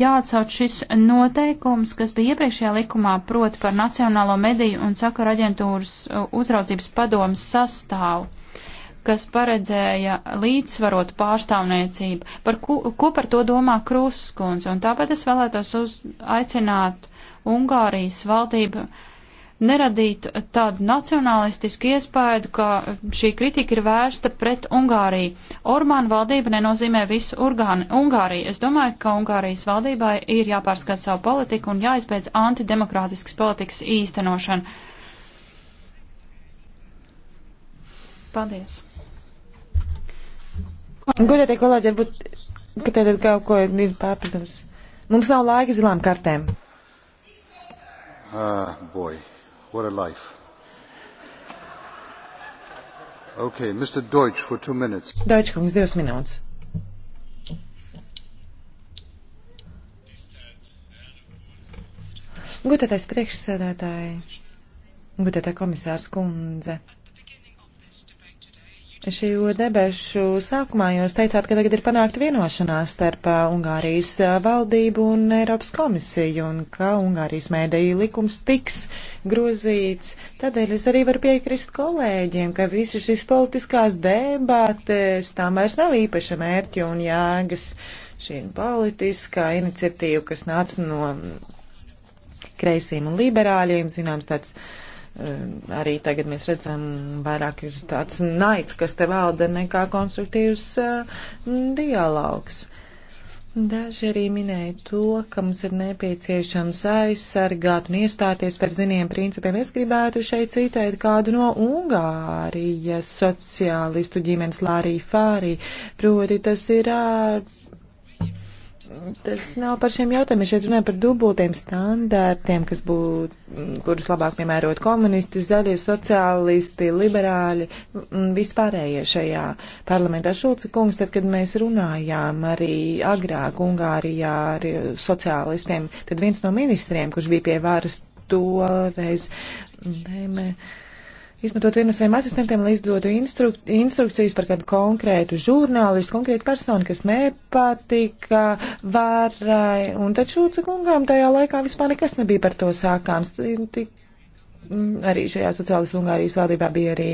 Speaker 4: jāatsauc šis noteikums, kas bija iepriekšējā likumā, proti par Nacionālo mediju un sakaru aģentūras uzraudzības padomas sastāvu kas paredzēja līdzsvarot pārstāvniecību. Par ko, ko par to domā Kruskunds? Un tāpēc es vēlētos uz, aicināt Ungārijas valdību uh, neradīt tādu nacionalistisku iespēju, ka šī kritika ir vērsta pret Ungāriju. Orbāna valdība nenozīmē visu Urgāni, Ungāriju. Es domāju, ka Ungārijas valdībai ir jāpārskata savu politiku un jāizbeidz antidemokrātiskas politikas īstenošana.
Speaker 2: Paldies. Godētie kolēģi, varbūt, ka tātad kaut ko ir pārpratums. Mums nav laika zilām kartēm.
Speaker 3: Ah, boy. What a life. Okay, Mr. Deutsch for two minutes.
Speaker 2: Deutsch kungs, divas minūtes. Gutētais priekšsēdētāji, gutētā komisārs kundze. Šo debešu sākumā jūs teicāt, ka tagad ir panākt vienošanās starp Ungārijas valdību un Eiropas komisiju un ka Ungārijas mēdēja likums tiks grozīts. Tādēļ es arī varu piekrist kolēģiem, ka visi šīs politiskās debātes tām vairs nav īpaša mērķa un jēgas. Šī ir politiskā iniciatīva, kas nāca no kreisiem un liberāļiem, zināms, tāds uh, Ehm, arī tagad mēs redzam, vairāk ir tāds naids, kas te valda nekā konstruktīvs ehm, dialogs. Daži arī minēja to, ka mums ir nepieciešams aizsargāt un iestāties par ziniem principiem. Es gribētu šeit citēt kādu no Ungārijas sociālistu ģimenes Lārī Fārī, proti tas ir ārpus tas nav par šiem jautājumiem. Šeit runāja par dubultiem standārtiem, kas būtu, kurus labāk piemērot komunisti, zaļie, sociālisti, liberāļi, vispārējie šajā parlamentā. Šulca kungs, tad, kad mēs runājām arī agrāk Ungārijā ar sociālistiem, tad viens no ministriem, kurš bija pie varas toreiz, neimē. Ne, izmantot vienu no saviem asistentiem, lai izdotu instruk instrukcijas par kādu konkrētu žurnālistu, konkrētu personu, kas nepatika varai. Un taču cekungām tajā laikā vispār nekas nebija par to sākāms. Tik mm, arī šajā sociālistu Ungārijas valdībā bija arī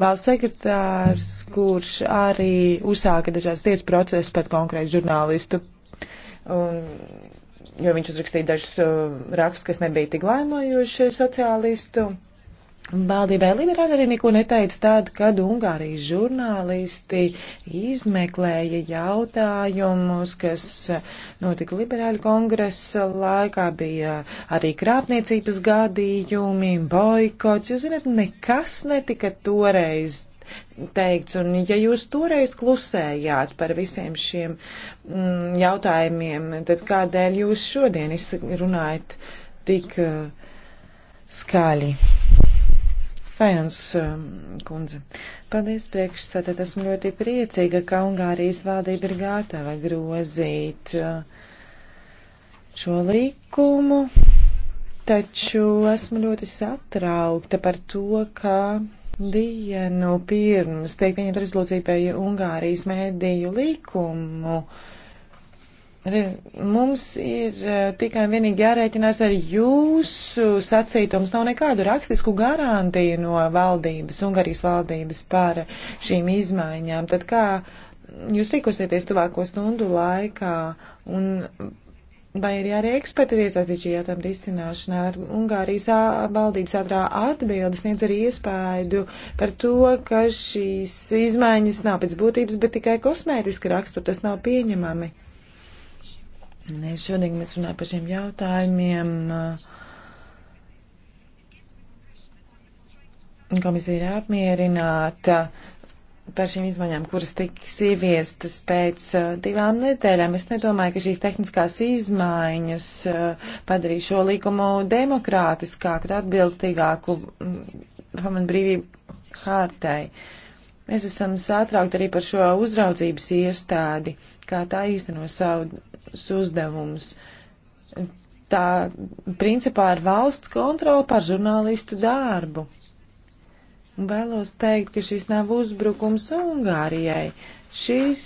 Speaker 2: valsts sekretārs, kurš arī uzsāka dažādas tiesas procesus pret konkrētu žurnālistu. Un, jo viņš uzrakstīja dažus uh, rakstus, kas nebija tik laimojoši sociālistu Valdībai liberāļi arī neko neteica tad, kad Ungārijas žurnālisti izmeklēja jautājumus, kas notika liberāļu kongresa laikā, bija arī krāpniecības gadījumi, boikots, jūs zināt, nekas netika toreiz teikts. Un ja jūs toreiz klusējāt par visiem šiem mm, jautājumiem, tad kādēļ jūs šodien runājat tik uh, skaļi? Fajons um, kundze. Paldies priekšsētāt, esmu ļoti priecīga, ka Ungārijas valdība ir gatava grozīt uh, šo likumu, taču esmu ļoti satraukta par to, ka dienu pirms tiek pieņemta rezolūcija pie Ungārijas mēdīju likumu. Uh, Mums ir eh, tikai un vienīgi jārēķinās ar jūsu sacītu. Mums nav nekādu rakstisku garantiju no valdības, Ungārijas valdības par šīm izmaiņām. Tad kā jūs rīkosieties tuvāko stundu laikā un vai ir arī eksperti iesaistīt šī jautājuma risināšanā? Ar Ungārijas valdības ātrā atbildes sniedz arī iespēju par to, ka šīs izmaiņas nav pēc būtības, bet tikai kosmētiski rakstur, tas nav pieņemami. Nē, šodien mēs runājam par šiem jautājumiem. Komisija ir apmierināta par šīm izmaiņām, kuras tiks ieviestas pēc uh, divām nedēļām. Es nedomāju, ka šīs tehniskās izmaiņas uh, padarīs šo likumu demokrātiskāku, atbilstīgāku mm, pamatbrīvību hārtai. Mēs esam satraukti arī par šo uzraudzības iestādi. Uh, kā tā īsteno savus uzdevumus. Tā principā ir valsts kontrola par žurnālistu darbu. Vēlos teikt, ka šis nav uzbrukums Ungārijai. Šis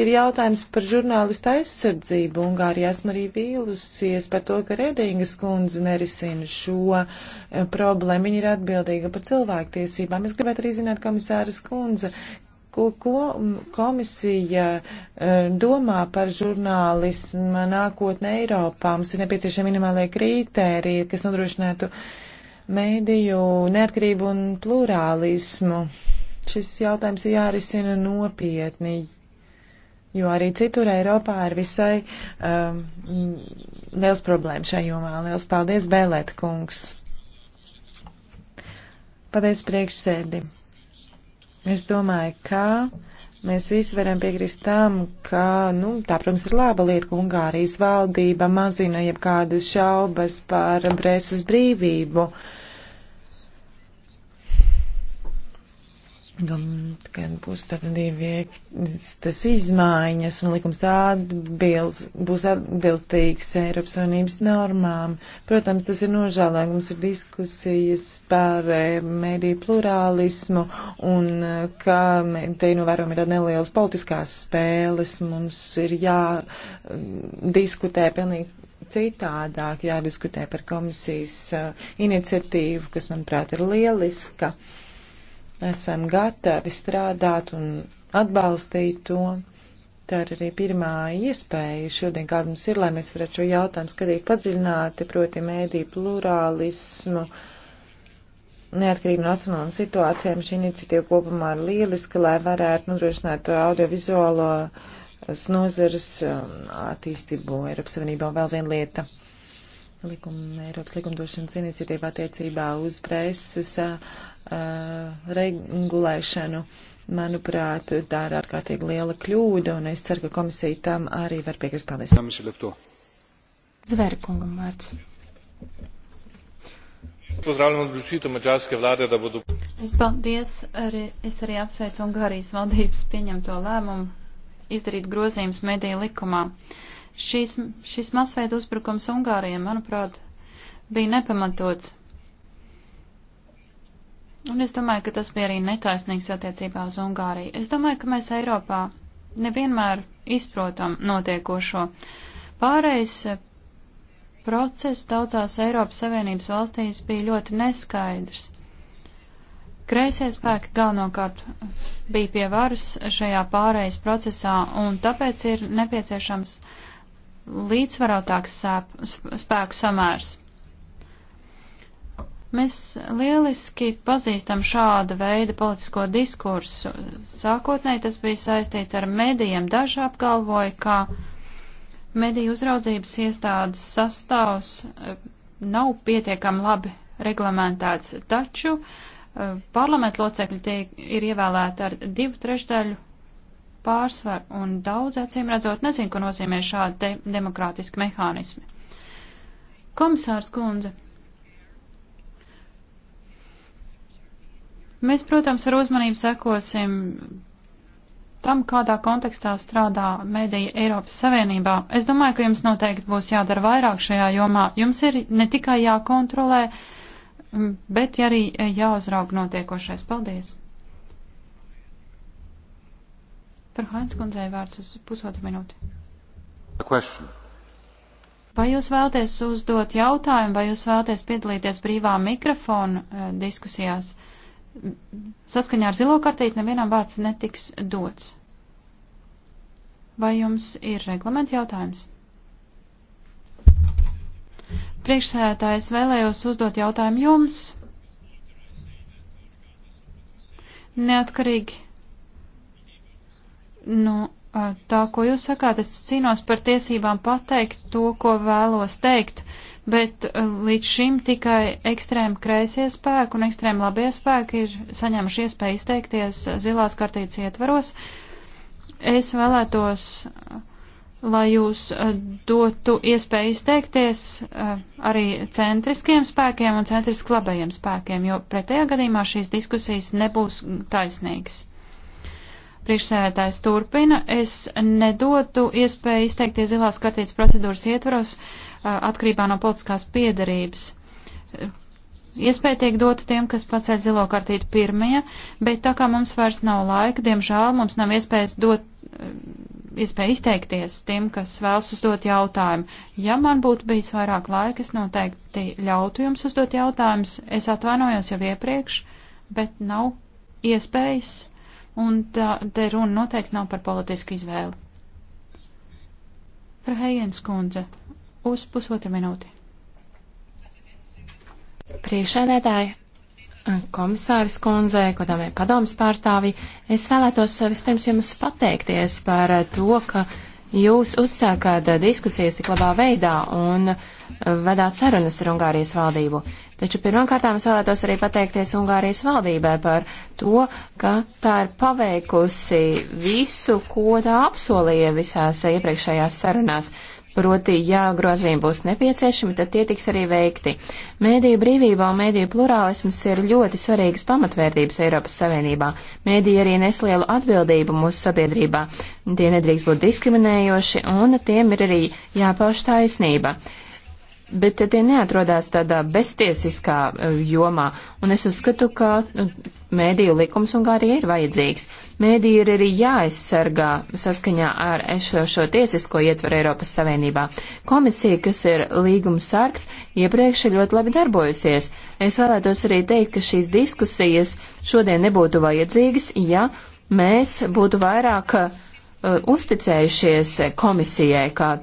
Speaker 2: ir jautājums par žurnālistu aizsardzību. Ungārijā esmu arī vīlusies par to, ka Redingas kundze nerisina šo eh, problēmu. Viņa ir atbildīga par cilvēktiesībām. Es gribētu arī zināt, komisāras kundze, Ko, ko komisija eh, domā par žurnālismu nākotnē Eiropā? Mums ir nepieciešami minimālie kriteriji, kas nodrošinātu mēdīju neatkarību un plurālismu. Šis jautājums ir jārisina nopietni jo arī citur Eiropā ir visai um, liels problēma šajā jomā. Liels paldies, Bēlēt kungs! Paldies priekšsēdi! Es domāju, ka mēs visi varam piekrist tam, ka, nu, tā, protams, ir laba lieta, ka Ungārijas valdība mazina jebkādas šaubas par preses brīvību. Uh, Domājot, ka būs tādi vieglas izmaiņas un likums atbils, būs atbilstīgs Eiropas Savienības normām. Protams, tas ir nožēlojami. Mums ir diskusijas par eh, mediju plurālismu un eh, ka te novērojam nu, ir nelielas politiskās spēles. Mums ir jādiskutē mm, pilnīgi citādāk, jādiskutē par komisijas eh, iniciatīvu, kas, manuprāt, ir lieliska. Uh, esam gatavi strādāt un atbalstīt to. Tā ir arī pirmā iespēja šodien, kāda mums ir, lai mēs varētu šo jautājumu skatīt padziļināti, proti mēdī plurālismu, neatkarību no nacionālām situācijām. Šī iniciatīva kopumā ir lieliska, lai varētu nodrošināt audiovizuālo nozares um, attīstību Eiropas Savienībā. Vēl viena lieta likuma, Eiropas likumdošanas iniciatīva attiecībā uz preses. Uh, Uh, regulēšanu. Manuprāt, tā ir ārkārtīgi liela kļūda, un es ceru, ka komisija tam arī var piekrist. Paldies!
Speaker 1: Zverkungam vārds.
Speaker 3: Pozdravljam odločitev mačarske vlade, da bodo.
Speaker 1: Paldies, arī,
Speaker 4: es arī apsveicu Ungārijas valdības pieņemto lēmumu izdarīt grozījums mediju likumā. Šīs, šis masveida uzbrukums Ungārijai, manuprāt, bija nepamatots. Un es domāju, ka tas bija arī netaisnīgs attiecībā uz Ungāriju. Es domāju, ka mēs Eiropā nevienmēr izprotam notiekošo. Pārējais eh, process daudzās Eiropas Savienības valstīs bija ļoti neskaidrs. Kreisie spēki galvenokārt bija pie varas šajā pārējais procesā, un tāpēc ir nepieciešams līdzvarotāks spēku samērs. Mēs lieliski pazīstam šāda veida politisko diskursu. Sākotnēji tas bija saistīts ar medijiem. Daži apgalvoja, ka mediju uzraudzības iestādes sastāvs eh, nav pietiekami labi reglamentēts, taču eh, parlamentu locekļi tiek, ir ievēlēti ar divu trešdaļu pārsvaru, un daudz acīm redzot nezinu, ko nozīmē šādi de demokrātiski mehānismi. Komisārs Kundze. Mēs, protams, ar uzmanību sekosim tam, kādā kontekstā strādā medija Eiropas Savienībā. Es domāju, ka jums noteikti būs jādara vairāk šajā jomā. Jums ir ne tikai jākontrolē, bet arī jāuzraug notiekošais. Paldies! Par Hainz kundzei vārds uz pusotru minūti. Question. Vai jūs vēlaties uzdot jautājumu, vai jūs vēlaties piedalīties brīvā mikrofona eh, diskusijās? Uh, saskaņā ar zilo kartīti nevienam vārds netiks dots. Vai jums ir reglamenta jautājums? Priekšsēdētājs vēlējos uzdot jautājumu jums. Neatkarīgi no tā, ko jūs sakāt, es cīnos par tiesībām pateikt to, ko vēlos teikt. Uh, bet uh, līdz šim tikai ekstrēma kreisie spēki un ekstrēma labie spēki ir saņēmuši iespēju izteikties zilās kartītes ietvaros. Es vēlētos, uh, lai jūs uh, dotu iespēju izteikties arī centriskiem spēkiem un centriski labajiem spēkiem, jo pretējā gadījumā šīs diskusijas nebūs taisnīgas. Priekšsēdētājs turpina, es nedotu iespēju izteikties zilās kartītes procedūras ietvaros, uh, atkarībā no politiskās piedarības. Iespēja tiek dota tiem, kas paceļ zilo kartīti pirmie, bet tā kā mums vairs nav laika, diemžēl mums nav iespējas dot, e, iespēja izteikties tiem, kas vēlas uzdot jautājumu. Ja man būtu bijis vairāk laika, es noteikti ļautu jums uzdot jautājumus. Es atvainojos jau iepriekš, bet nav iespējas, un tā, te runa noteikti nav par politisku izvēli.
Speaker 1: Frahējens kundze uz pusotru minūti. Priekšēdētāji, komisāris kundze, kodāmie padomas pārstāvji, es vēlētos eh, vispirms jums pateikties par eh, to, ka jūs uzsākāt eh, diskusijas tik labā veidā un vedāt sarunas ar Ungārijas valdību. Taču pirmkārtām es vēlētos arī pateikties Ungārijas valdībai par to, ka tā ir paveikusi visu, ko tā apsolīja visās iepriekšējās sarunās. Uh, Proti, ja grozījumi būs nepieciešami, tad tie tiks arī veikti. Mēdīju brīvība un mēdīju plurālisms ir ļoti svarīgas pamatvērtības Eiropas Savienībā. Mēdīja arī nes lielu atbildību mūsu sabiedrībā. Tie nedrīkst būt diskriminējoši, un tiem ir arī jāpauž taisnība bet tie neatrodās tādā beztiesiskā e, jomā, un es uzskatu, ka nu, mēdīju likums un kā arī ir vajadzīgs. Mēdīji ir arī jāaizsargā saskaņā ar šo, šo tiesisko ietveru Eiropas Savienībā. Komisija, kas ir līguma sargs, iepriekš ir ļoti labi darbojusies. Es vēlētos arī teikt, ka šīs diskusijas šodien nebūtu vajadzīgas, ja mēs būtu vairāk uh, uzticējušies komisijai kā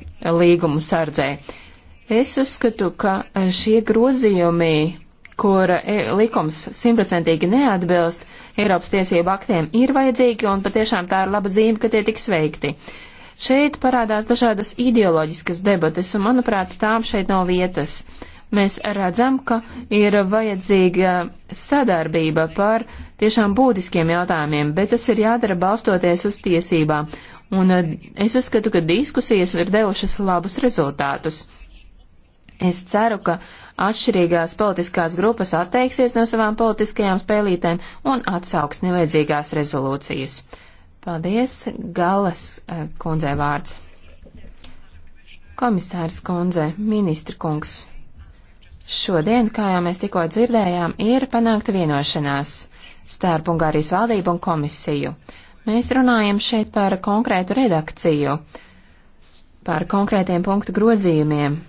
Speaker 1: līgumu sardzēji. Es uzskatu, ka eh, šie grozījumi, kur e, likums simtprocentīgi neatbilst Eiropas tiesību aktiem, ir vajadzīgi un patiešām tā ir laba zīme, ka tie tiks veikti. Šeit parādās dažādas ideoloģiskas debates, un manuprāt, tām šeit nav vietas. Mēs redzam, ka ir vajadzīga sadarbība par tiešām būtiskiem jautājumiem, bet tas ir jādara balstoties uz tiesībām. Un eh, es uzskatu, ka diskusijas ir devušas labus rezultātus. Es ceru, ka atšķirīgās politiskās grupas atteiksies no savām politiskajām spēlītēm un atsauks nevajadzīgās rezolūcijas. Paldies, Galas eh, kundzē vārds. Komisārs kundze, ministra kungs. Šodien, kā jau mēs tikko dzirdējām, ir panākta vienošanās starp Ungārijas valdību un komisiju. Mēs runājam šeit par konkrētu redakciju, par konkrētiem punktu grozījumiem,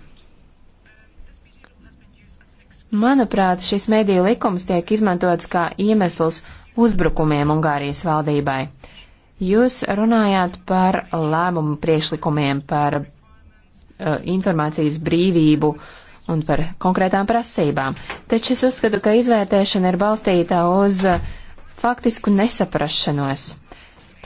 Speaker 1: Manuprāt, šis mediju likums tiek izmantots kā iemesls uzbrukumiem Ungārijas valdībai. Jūs runājāt par lēmumu priekšlikumiem, par uh, informācijas brīvību un par konkrētām prasībām, taču es uzskatu, ka izvērtēšana ir balstīta uz uh, faktisku nesaprašanos.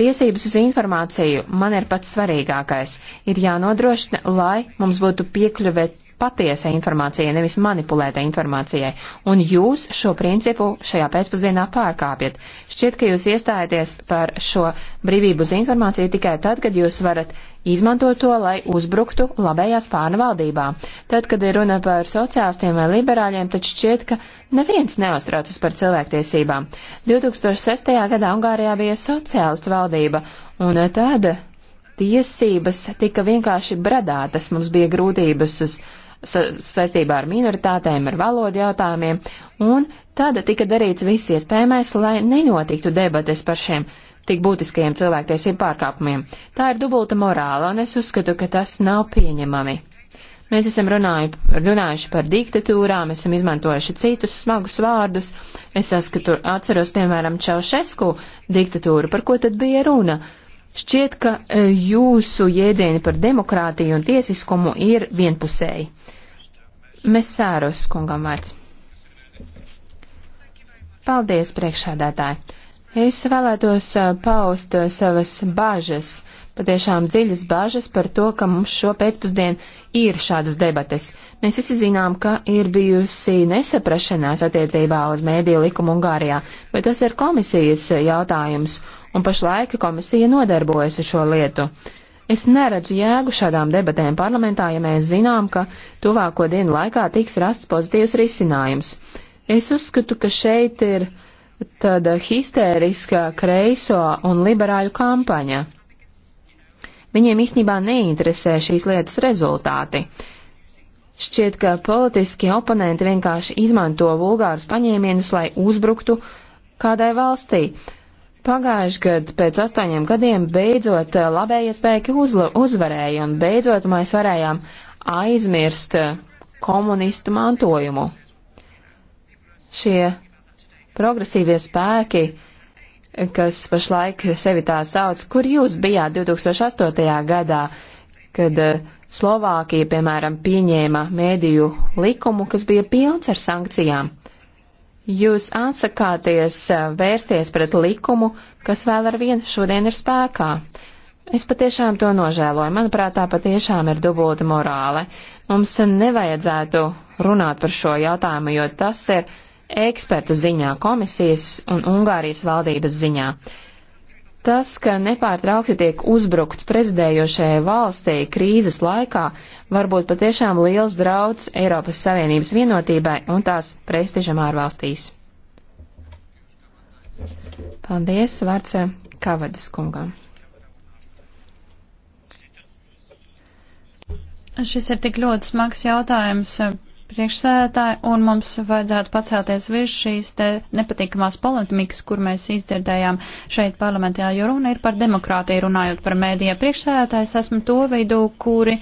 Speaker 1: Tiesības uz informāciju man ir pats svarīgākais. Ir jānodrošina, lai mums būtu piekļuve patiesa informācija, nevis manipulēta informācijai, un jūs šo principu šajā pēcpazienā pārkāpjat. Šķiet, ka jūs iestājaties par šo brīvību uz informāciju tikai tad, kad jūs varat izmantot to, lai uzbruktu labējās pārna valdībā. Tad, kad ir runa par sociālistiem vai liberāļiem, tad šķiet, ka neviens neuztraucas par cilvēktiesībām. 2006. gadā Ungārijā bija sociālistu valdība, un tad tiesības tika vienkārši bradātas, mums bija grūtības uz sa saistībā ar minoritātēm, ar valodu jautājumiem, un tad tika darīts viss iespējamais, lai nenotiktu debates par šiem tik būtiskajiem cilvēktiesību pārkāpumiem. Tā ir dubulta morāla, un es uzskatu, ka tas nav pieņemami. Mēs esam runāju, runājuši par diktatūrām, esam izmantojuši citus smagus vārdus. Es saskatu, atceros, piemēram, Čaušesku diktatūru, par ko tad bija runa. Šķiet, ka e, jūsu jēdzieni par demokrātiju un tiesiskumu ir vienpusēji. Mesāros kungam vārds. Paldies, priekšādātāji! Es vēlētos uh, paust uh, savas bāžas, patiešām dziļas bāžas par to, ka mums šo pēcpusdienu ir šādas debates. Mēs visi zinām, ka ir bijusi nesaprašanās attiecībā uz mēdīju likumu Ungārijā, bet tas ir komisijas jautājums, un pašlaika komisija nodarbojas ar šo lietu. Uh, Es neredzu jēgu šādām debatēm parlamentā, ja mēs zinām, ka tuvāko dienu laikā tiks rasts pozitīvs risinājums. Es uzskatu, ka šeit ir tāda histēriska kreiso un liberāļu kampaņa. Viņiem īstenībā neinteresē šīs lietas rezultāti. Šķiet, ka politiskie oponenti vienkārši izmanto vulgārus paņēmienus, lai uzbruktu kādai valstī. Pagājuši gadu pēc astoņiem gadiem beidzot eh, labējie spēki uzla, uzvarēja un beidzot mēs varējām aizmirst eh, komunistu mantojumu. Šie progresīvie spēki, kas pašlaik sevi tā sauc, kur jūs bijāt 2008. gadā, kad eh, Slovākija, piemēram, pieņēma mēdīju likumu, kas bija pilns ar sankcijām. Jūs atsakāties eh, vērsties pret likumu, kas vēl ar vienu šodien ir spēkā. Es patiešām to nožēloju. Manuprāt, tā patiešām ir dubulta morāle. Mums nevajadzētu runāt par šo jautājumu, jo tas ir ekspertu ziņā, komisijas un Ungārijas valdības ziņā. Tas, ka nepārtraukti tiek uzbrukts prezidējošajai valstī krīzes laikā, var būt patiešām liels drauds Eiropas Savienības vienotībai un tās prestižam ārvalstīs. Paldies, vārds eh, Kavadas kungam. Šis
Speaker 4: ir tik ļoti smags jautājums eh, priekšsēdētāji, un mums vajadzētu pacelties virs šīs te nepatīkamās polemikas, kur mēs izdzirdējām šeit parlamentā, jo runa ir par demokrātiju, runājot par mēdījā priekšsēdētājs, esmu to vidū, kuri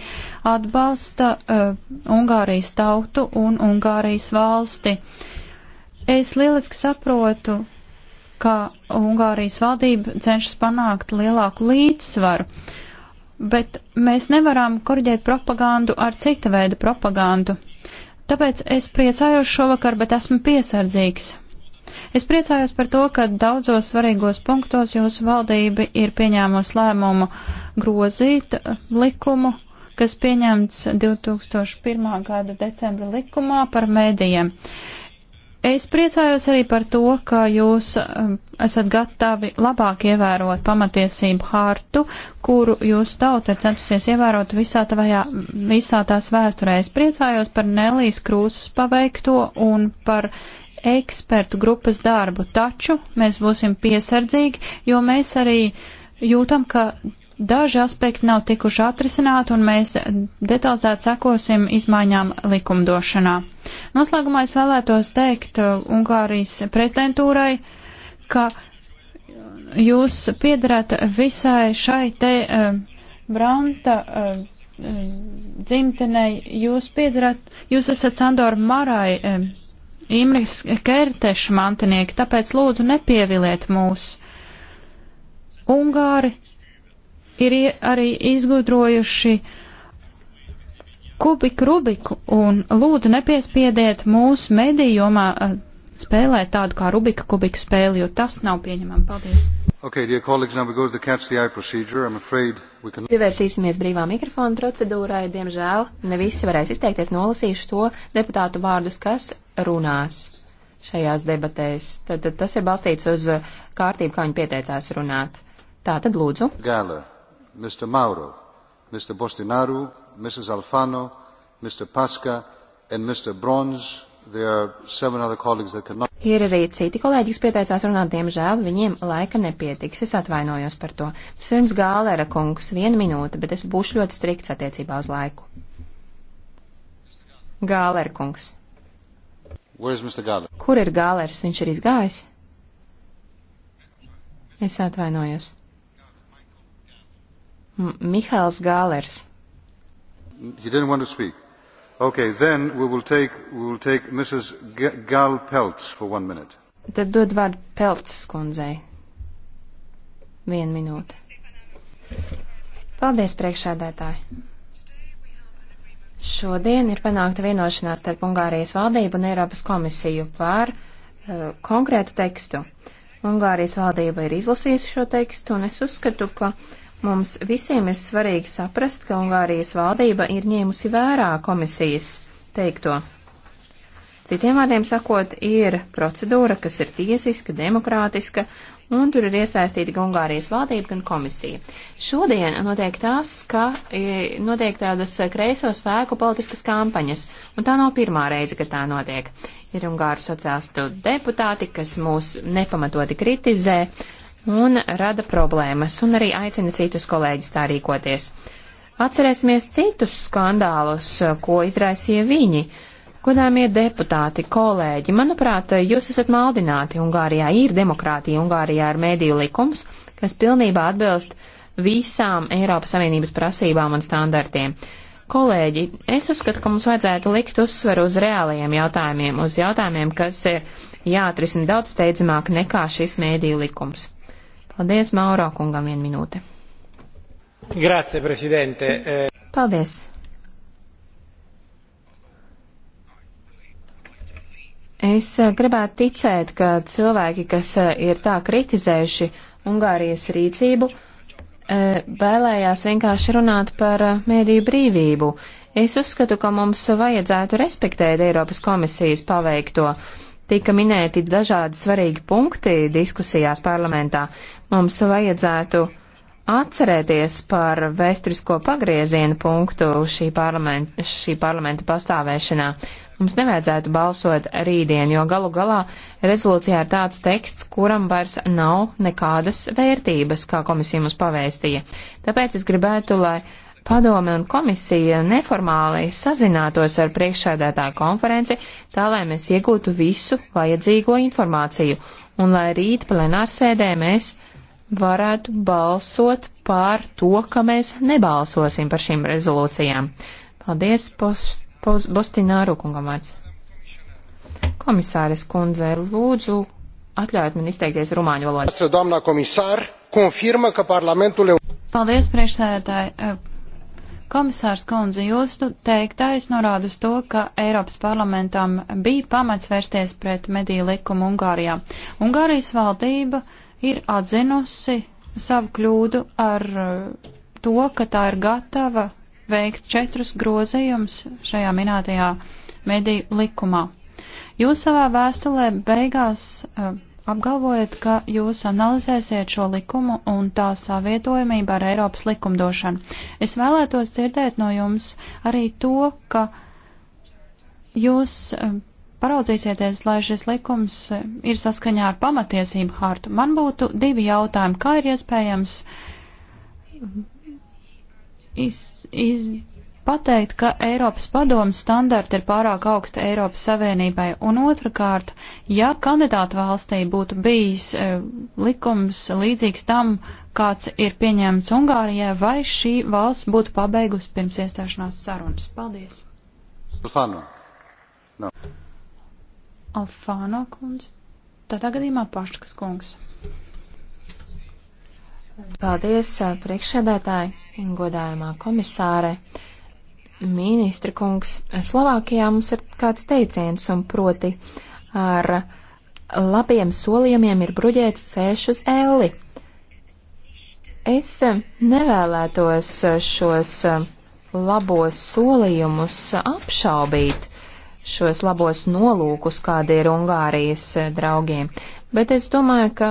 Speaker 4: atbalsta uh, Ungārijas tautu un Ungārijas valsti. Es lieliski saprotu, ka Ungārijas valdība cenšas panākt lielāku līdzsvaru. Bet mēs nevaram korģēt propagandu ar cita veida propagandu Tāpēc es priecājos šovakar, bet esmu piesardzīgs. Es priecājos par to, ka daudzos svarīgos punktos jūsu valdība ir pieņēmusi lēmumu grozīt likumu, kas pieņemts 2001. gada decembra likumā par mēdījiem. Uh, Es priecājos arī par to, ka jūs um, esat gatavi labāk ievērot pamatiesību hārtu, kuru jūs tauta ir centusies ievērot visā, tavajā, visā tās vēsturē. Es priecājos par Nelijas Krūzes paveikto un par ekspertu grupas darbu, taču mēs būsim piesardzīgi, jo mēs arī jūtam, ka Daži aspekti nav tikuši atrisināti, un mēs detalizēti sekosim izmaiņām likumdošanā. Noslēgumā es vēlētos teikt uh, Ungārijas prezidentūrai, ka jūs piedarāt visai šai te uh, Branta uh, uh dzimtenei, jūs piedarāt, jūs esat Sandora Marai, uh, Imris Kerteša mantinieki, tāpēc lūdzu nepievilēt mūs. Ungāri ir arī izgudrojuši kubiku rubiku un lūdzu nepiespiediet mūsu medijumā eh, spēlēt tādu kā rubika kubiku spēli, jo tas nav pieņemami. Paldies!
Speaker 3: Okay, dear colleagues, now we go to the catch the eye procedure. I'm afraid we can...
Speaker 1: Pievērsīsimies brīvā mikrofona procedūrai. Diemžēl ne visi varēs izteikties. Nolasīšu to deputātu vārdus, kas runās šajās debatēs. Tad, tad tas ir balstīts uz kārtību, kā viņi pieteicās runāt. Tā tad lūdzu.
Speaker 3: Gala. Mr. Mauro, Mr. Bostinaru, Mrs. Alfano, Mr. Pasca, and Mr. Bronze. Cannot...
Speaker 1: Ir arī citi kolēģi, kas pieteicās runāt, diemžēl viņiem laika nepietiks. Es atvainojos par to. Sirds Gālera kungs, viena minūte, bet es būšu ļoti strikts attiecībā uz laiku. Gālera kungs. Kur ir Gālers? Viņš ir izgājis. Es atvainojos. M Mihails Gālers.
Speaker 3: You didn't want to speak. Okay, then we will take, we will take Mrs. G Gal Peltz for one minute.
Speaker 1: Tad dod vārdu Peltzes kundzei. Vienu minūti. Paldies, priekšādētāji. Šodien ir panākta vienošanās starp Ungārijas valdību un Eiropas komisiju par uh, konkrētu tekstu. Ungārijas valdība ir izlasījusi šo tekstu, un es uzskatu, ka uh, Mums visiem ir svarīgi saprast, ka Ungārijas valdība ir ņēmusi vērā komisijas teikto. Citiem vārdiem sakot, ir procedūra, kas ir tiesiska, demokrātiska, un tur ir iesaistīta gan Ungārijas valdība, gan komisija. Šodien notiek tas, ka e, notiek tādas kreiso spēku politiskas kampaņas, un tā nav pirmā reize, kad tā notiek. Ir Ungāru sociālistu deputāti, kas mūs nepamatoti kritizē, un rada problēmas, un arī aicina citus kolēģus tā rīkoties. Atcerēsimies citus skandālus, ko izraisīja viņi. Godāmie deputāti, kolēģi, manuprāt, jūs esat maldināti. Ungārijā ir demokrātija, Ungārijā ir mēdīju likums, kas pilnībā atbilst visām Eiropas Savienības prasībām un standartiem. Kolēģi, es uzskatu, ka mums vajadzētu likt uzsveru uz reālajiem jautājumiem, uz jautājumiem, kas ir jāatrisina daudz steidzamāk nekā šis mēdīju likums. Paldies, Mauro kungam, vien minūte.
Speaker 2: Grācie, prezidente.
Speaker 1: Paldies. Es eh, gribētu ticēt, ka cilvēki, kas eh, ir tā kritizējuši Ungārijas rīcību, eh, vēlējās vienkārši runāt par mēdīju brīvību. Es uzskatu, ka mums vajadzētu respektēt Eiropas komisijas paveikto. Tika minēti dažādi svarīgi punkti diskusijās parlamentā. Mums vajadzētu atcerēties par vēsturisko pagriezienu punktu šī parlamenta, šī parlamenta pastāvēšanā. Mums nevajadzētu balsot rītdien, jo galu galā rezolūcijā ir tāds teksts, kuram vairs nav nekādas vērtības, kā komisija mums pavēstīja. Tāpēc es gribētu, lai padome un komisija neformāli sazinātos ar priekšsēdētāju konferenci, tā lai mēs iegūtu visu vajadzīgo informāciju un lai rīt plenārsēdē mēs varētu balsot par to, ka mēs nebalsosim par šīm rezolūcijām. Paldies, pos, pos, Bostināru kungam vārds. Komisāres kundze, lūdzu, atļaujiet man izteikties rumāņu valodā. Paldies, priekšsēdētāji. Eh,
Speaker 4: komisārs Kundze, jūsu teiktais norāda uz to, ka Eiropas parlamentam bija pamats vērsties pret mediju likumu Ungārijā. Ungārijas valdība uh, ir atzinusi savu kļūdu ar uh, to, ka tā ir gatava veikt četrus grozījumus šajā minētajā mediju likumā. Jūs savā vēstulē beigās uh, apgalvojat, ka jūs analizēsiet šo likumu un tā savietojamību ar Eiropas likumdošanu. Es vēlētos dzirdēt no jums arī to, ka jūs uh, paraudzīsieties, lai šis likums eh, ir saskaņā ar pamatiesību hartu. Man būtu divi jautājumi. Kā ir iespējams iz, iz, pateikt, ka Eiropas padomas standarti ir pārāk augsti Eiropas Savienībai? Un otrkārt, ja kandidātu valstī būtu bijis e, likums līdzīgs tam, kāds ir pieņemts Ungārijai, vai šī valsts būtu pabeigusi pirms iestāšanās sarunas? Paldies!
Speaker 3: Stefano. No.
Speaker 1: Alfāno kundze. Tādā gadījumā Paškas kungs. Paldies, priekšsēdētāji, godājumā komisāre. Ministra kungs, Slovākijā mums ir kāds teiciens, un proti ar labiem solījumiem ir bruģēts ceļš uz elli. Es nevēlētos šos labos solījumus apšaubīt šos labos nolūkus, kādi ir Ungārijas eh, draugiem, bet es domāju, ka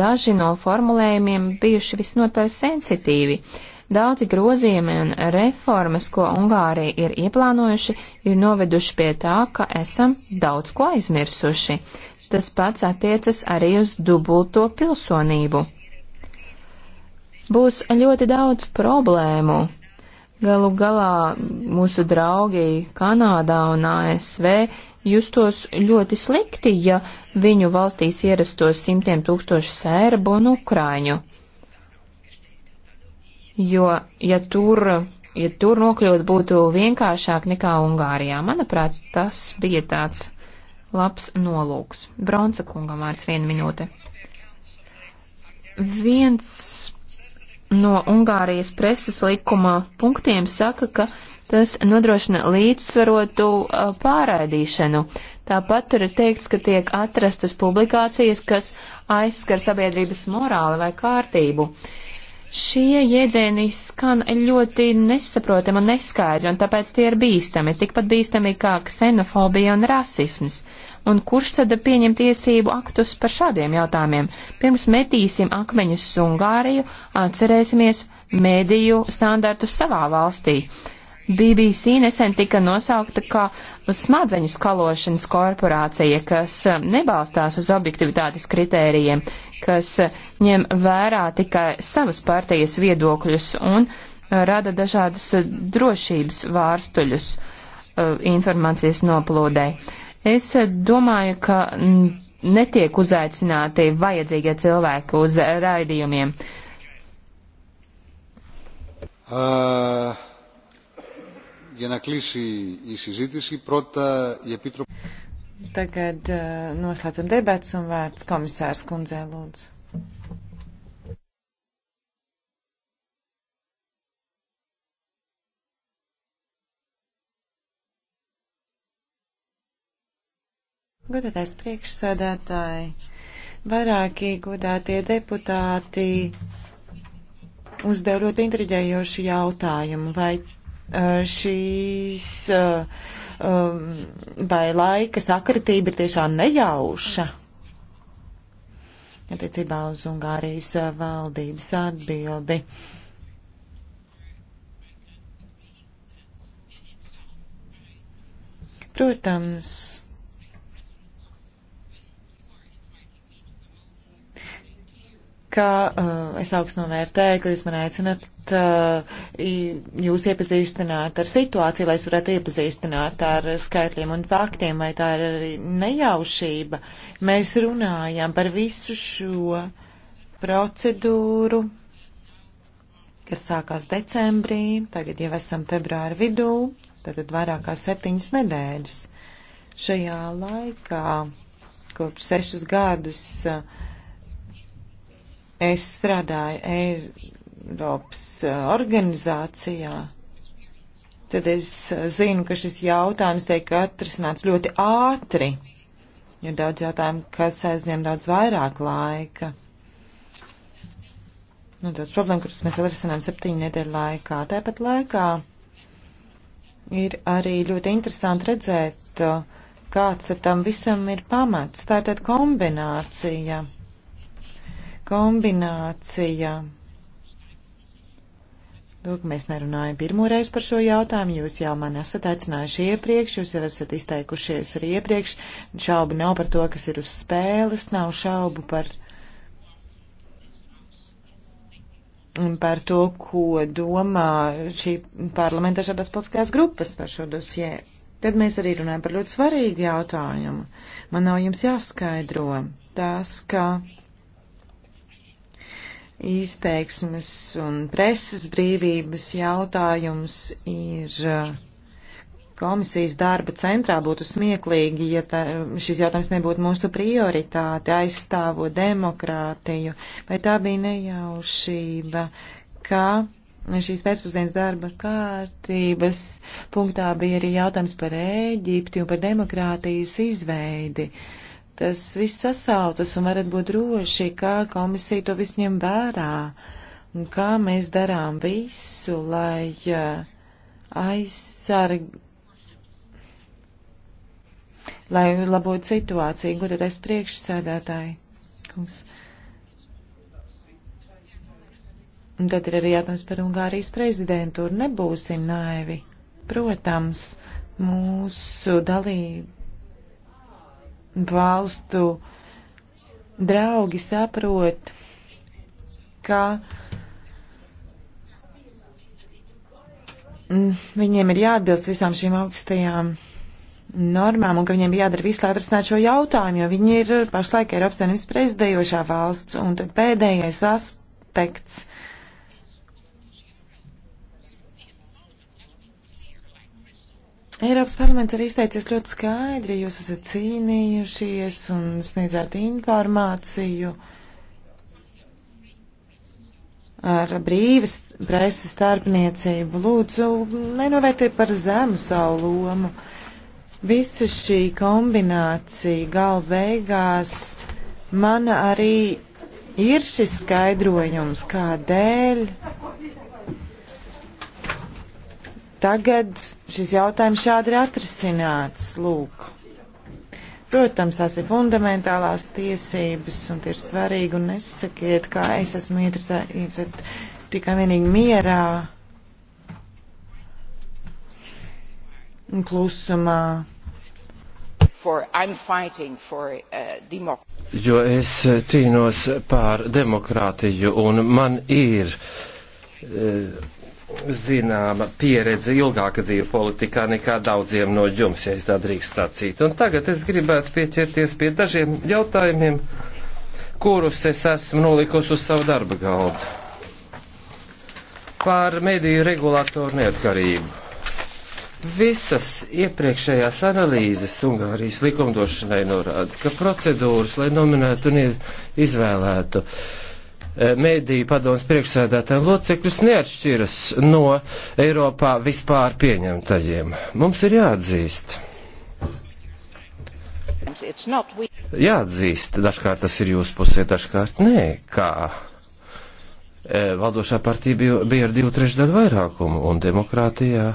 Speaker 1: daži no formulējumiem bijuši visnotaļ sensitīvi. Daudzi grozījumi un reformas, ko Ungārija ir ieplānojuši, ir noveduši pie tā, ka esam daudz ko aizmirsuši. Tas pats attiecas arī uz dubulto pilsonību. Būs ļoti daudz problēmu, Galu galā mūsu draugi Kanādā un ASV justos ļoti slikti, ja viņu valstīs ierastos simtiem tūkstoši sērbu un ukraiņu. Jo, ja tur, ja tur nokļūt būtu vienkāršāk nekā Ungārijā, manuprāt, tas bija tāds labs nolūks. Bronsa kungam vārds viena minūte. Viens no Ungārijas preses likuma punktiem saka, ka tas nodrošina līdzsvarotu pārraidīšanu. Tāpat tur ir teikts, ka tiek atrastas publikācijas, kas aizskar sabiedrības morāli vai kārtību. Šie jēdzieni skan ļoti nesaprotami un neskaidri, un tāpēc tie ir bīstami, tikpat bīstami kā ksenofobija un rasisms. Uh, Un kurš tad pieņem tiesību aktus par šādiem jautājumiem? Pirms metīsim akmeņus uz Ungāriju, atcerēsimies mēdīju standartus savā valstī. BBC nesen tika nosaukta kā smadzeņu skalošanas korporācija, kas nebalstās uz objektivitātes kritērijiem, kas ņem vērā tikai savas partijas viedokļus un rada dažādus drošības vārstuļus uh, informācijas noplūdē. Es domāju, ka netiek uzaicināti vajadzīgie cilvēki uz raidījumiem.
Speaker 3: Uh, για να κλείσει η συζήτηση, πρώτα η Επίτροπη.
Speaker 2: Tagad uh, noslēdzam debats un vārds komisārs kundzē lūdzu. Godātais priekšsēdētāji, vairāki godātie deputāti uzdev ļoti intriģējošu jautājumu, vai eh, šīs, eh, um, vai laika sakritība ir tiešām nejauša. Attiecībā uz Ungārijas eh, valdības atbildi. Protams, ka uh, es augstu novērtēju, ka jūs man aicinat uh, jūs iepazīstināt ar situāciju, lai es varētu iepazīstināt ar skaitļiem un faktiem, vai tā ir arī nejaušība. Mēs runājam par visu šo procedūru, kas sākās decembrī, tagad jau esam februāra vidū, tātad vairāk kā septiņas nedēļas. Šajā laikā kopš sešas gadus uh, Es strādāju Eiropas uh, organizācijā. Tad es uh, zinu, ka šis jautājums tiek atrisināts ļoti ātri. Ir daudz jautājumu, kas aizņem daudz vairāk laika. Nu, daudz problēmu, kuras mēs atrisinām septiņu nedēļu laikā. Tāpat laikā ir arī ļoti interesanti redzēt, uh, kāds ar tam visam ir pamats. Tā ir tāda kombinācija kombinācija. Lūk, mēs nerunājam pirmoreiz par šo jautājumu, jūs jau man esat aicinājuši iepriekš, jūs jau esat izteikušies arī iepriekš, šaubu nav par to, kas ir uz spēles, nav šaubu par, par to, ko domā šī parlamenta šādās politiskās grupas par šo dosie. Tad mēs arī runājam par ļoti svarīgu jautājumu. Man nav jums jāskaidro tas, ka izteiksmes un preses brīvības jautājums ir uh, komisijas darba centrā. Būtu smieklīgi, ja tā, šis jautājums nebūtu mūsu prioritāte aizstāvot demokrātiju. Vai tā bija nejaušība, ka šīs pēcpusdienas darba kārtības punktā bija arī jautājums par Ēģipti un par demokrātijas izveidi. Uh, tas viss sasautas un varat būt droši, kā komisija to visu ņem vērā un kā mēs darām visu, lai uh, aizsarg. Lai labotu situāciju, gudrais priekšsēdētāji. Kungs. Un tad ir arī jautājums par Ungārijas prezidentūru. Nebūsim naivi. Protams, mūsu dalība valstu draugi saprot, ka mm, viņiem ir jāatbilst visām šīm augstajām normām un ka viņiem ir jādara viss, lai atrisinātu šo jautājumu, jo viņi ir pašlaik Eiropas Savienības prezidējošā valsts. Un tad pēdējais aspekts Eiropas parlaments ir izteicies ļoti skaidri, jūs esat cīnījušies un sniedzāt informāciju ar brīvas preses starpniecību. Lūdzu, nenovērtiet par zemu savu lomu. Visa šī kombinācija gal beigās man arī ir šis skaidrojums, kādēļ tagad šis jautājums šādi ir atrisināts. Lūk. Protams, tās ir fundamentālās tiesības un ir svarīgi un nesakiet, kā es esmu interesēta tikai vienīgi mierā un klusumā. For, for, uh,
Speaker 5: jo es cīnos pār demokrātiju un man ir. Uh, zināma pieredze ilgāka dzīve politikā nekā daudziem no jums, ja es tā drīkst sacīt. Un tagad es gribētu pieķerties pie dažiem jautājumiem, kurus es esmu nolikusi uz savu darba galdu. Par mediju regulātoru neatkarību. Visas iepriekšējās analīzes Ungārijas likumdošanai norāda, ka procedūras, lai nominētu un izvēlētu uh, Eh, mēdīju padomas priekšsēdētājiem locekļus neatšķiras no Eiropā vispār pieņemtajiem. Mums ir jāatzīst. Jāatzīst, dažkārt tas ir jūsu pusē, dažkārt nē, kā eh, valdošā partija bija, bija ar divu trešdaļu vairākumu, un demokrātijā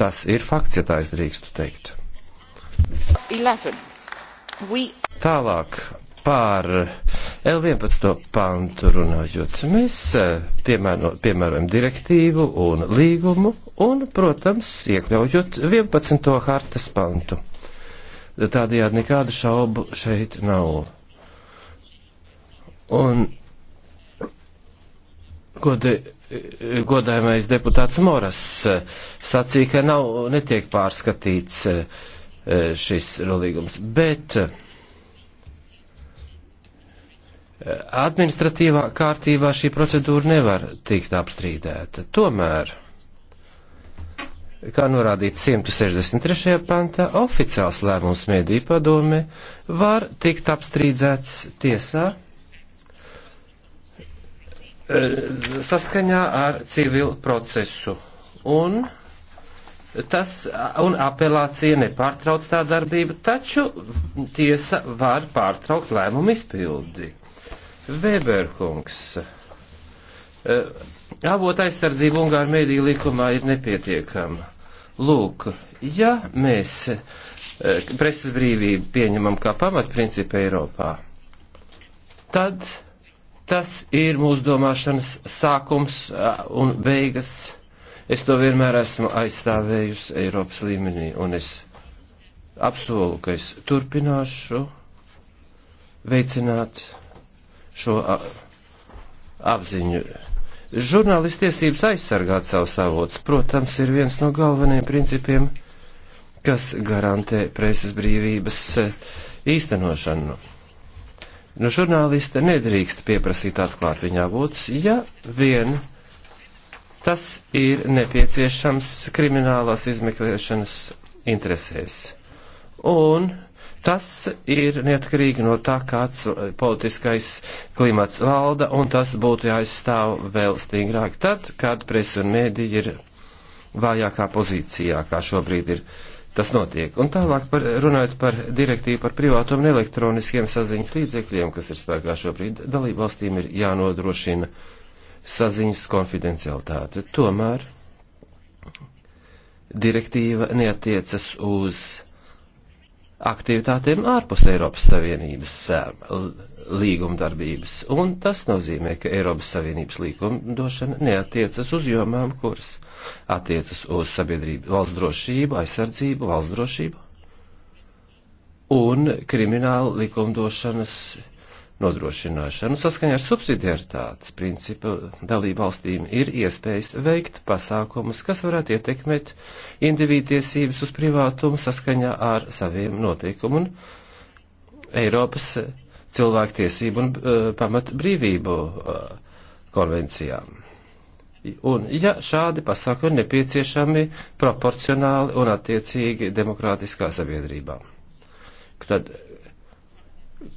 Speaker 5: tas ir fakts, ja tā es drīkstu teikt. 11. We... Tālāk par L11. pantu runājot, mēs eh, piemēro, piemērojam direktīvu un līgumu un, protams, iekļaujot 11. hartas pantu. Tādējādi nekādu šaubu šeit nav. Un godi, godājumais deputāts Moras eh, sacīja, ka nav, netiek pārskatīts eh, šis līgums, bet Eh, administratīvā kārtībā šī procedūra nevar tikt apstrīdēta. Tomēr, kā norādīts 163. pantā, oficiāls lēmums mediju padome var tikt apstrīdēts tiesā
Speaker 3: eh,
Speaker 5: saskaņā ar civilu procesu. Un tas un apelācija nepārtrauc tā darbību, taču tiesa var pārtraukt lēmumu izpildi. Weberkungs. E, Avot aizsardzību Ungāru mēdī likumā ir nepietiekama. Lūk, ja mēs e, preses brīvību pieņemam kā pamatprincipu Eiropā, tad tas ir mūsu domāšanas sākums un beigas Es to vienmēr esmu aizstāvējusi Eiropas līmenī, un es apsolu, ka es turpināšu veicināt šo apziņu. Žurnālisti tiesības aizsargāt savus avotus, protams, ir viens no galvenajiem principiem, kas garantē preses brīvības e, īstenošanu. Nu, žurnāliste nedrīkst pieprasīt atklāt viņa avotus, ja vien Tas ir nepieciešams kriminālās izmeklēšanas interesēs. Un tas ir neatkarīgi no tā, kāds politiskais klimats valda, un tas būtu jāizstāv vēl stingrāk tad, kad presa un mēdī ir vājākā pozīcijā, kā šobrīd ir tas notiek. Un tālāk par, runājot par direktīvu par privātumu un elektroniskiem saziņas līdzekļiem, kas ir spēkā šobrīd, dalību valstīm ir jānodrošina saziņas konfidencialitāte. Tomēr direktīva neatiecas uz aktivitātēm ārpus Eiropas Savienības eh, līgumdarbības, un tas nozīmē, ka Eiropas Savienības līgumdošana neatiecas uz jomām, kuras attiecas uz sabiedrību, valsts drošību, aizsardzību, valsts drošību un kriminālu likumdošanas nodrošināšanu. Saskaņā ar subsidiaritātes principu dalību valstīm ir iespējas veikt pasākumus, kas varētu ietekmēt individu tiesības uz privātumu saskaņā ar saviem noteikumu un Eiropas cilvēktiesību un uh, eh, pamat brīvību uh, eh, konvencijām. Un, ja šādi pasākumi ir nepieciešami proporcionāli un attiecīgi demokrātiskā sabiedrībā, tad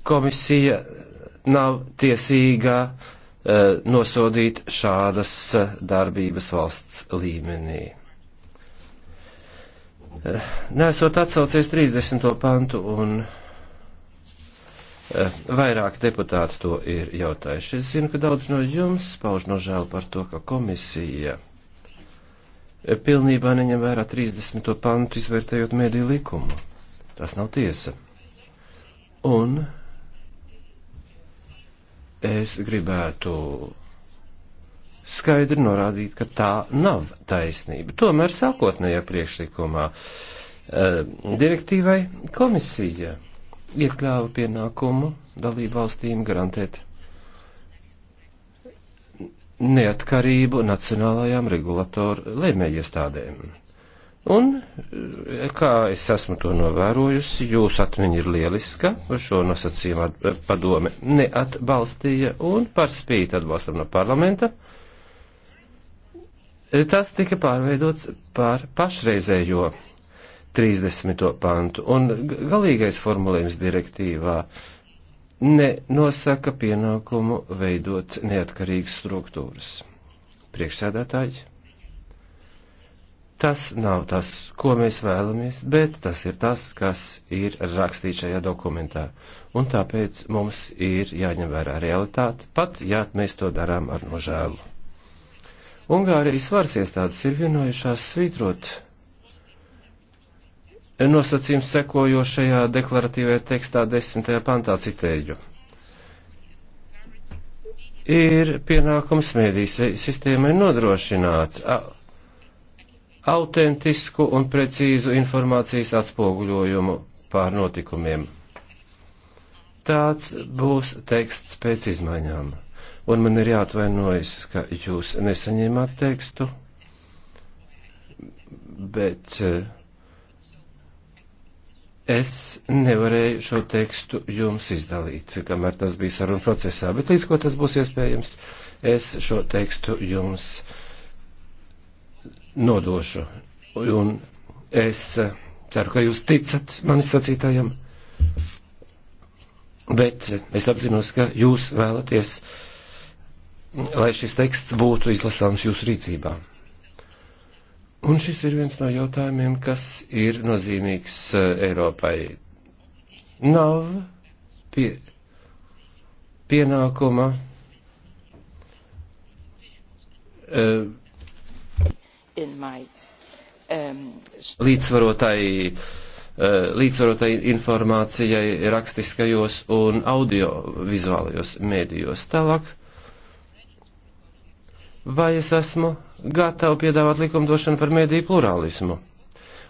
Speaker 5: komisija nav tiesīga eh, nosodīt šādas eh, darbības valsts līmenī. Eh, nesot atsaucies 30. pantu un vairāk deputāts to ir jautājuši. Es zinu, ka daudz no jums pauž nožēlu par to, ka komisija pilnībā neņem vērā 30. pantu izvērtējot mediju likumu. Tas nav tiesa. Un es gribētu skaidri norādīt, ka tā nav taisnība. Tomēr sākotnējā priekšlikumā eh, direktīvai komisija iekļāva pienākumu dalību valstīm garantēt neatkarību nacionālajām regulatoru lēmējiestādēm. Un, kā es esmu to novērojusi, jūsu atmiņa ir lieliska, šo nosacījumu padome neatbalstīja un par spīti atbalstam no parlamenta. Tas tika pārveidots par pašreizējo 30. pantu, un galīgais formulējums direktīvā nenosaka pienākumu veidot neatkarīgas struktūras. Priekšsēdētāji! Tas nav tas, ko mēs vēlamies, bet tas ir tas, kas ir rakstīts šajā dokumentā. Un tāpēc mums ir jāņem vērā realitāte, pat ja mēs to darām ar nožēlu. Ungārijas varas iestādes ir vienojušās svītrot nosacījums sekojošajā deklaratīvajā tekstā desmitajā pantā citēju ir pienākums mēdīs sistēmai nodrošināt autentisku un precīzu informācijas atspoguļojumu pār notikumiem. Tāds būs teksts pēc izmaiņām, un man ir jāatvainojas, ka jūs nesaņēmāt tekstu, bet eh, es nevarēju šo tekstu jums izdalīt, kamēr tas bija saruna procesā, bet līdz ko tas būs iespējams, es šo tekstu jums izdalīšu nodošu. Un es ceru, ka jūs ticat manis sacītājam, bet es apzinos, ka jūs vēlaties, lai šis teksts būtu izlasāms jūsu rīcībā. Un šis ir viens no jautājumiem, kas ir nozīmīgs eh, Eiropai. Nav pie, pienākuma. Uh,
Speaker 1: my, um...
Speaker 5: Līdzsvarotai, eh, līdzsvarotai informācijai rakstiskajos un audiovizuālajos mēdījos. Tālāk, vai es esmu gatava piedāvāt likumdošanu par mēdīju plurālismu?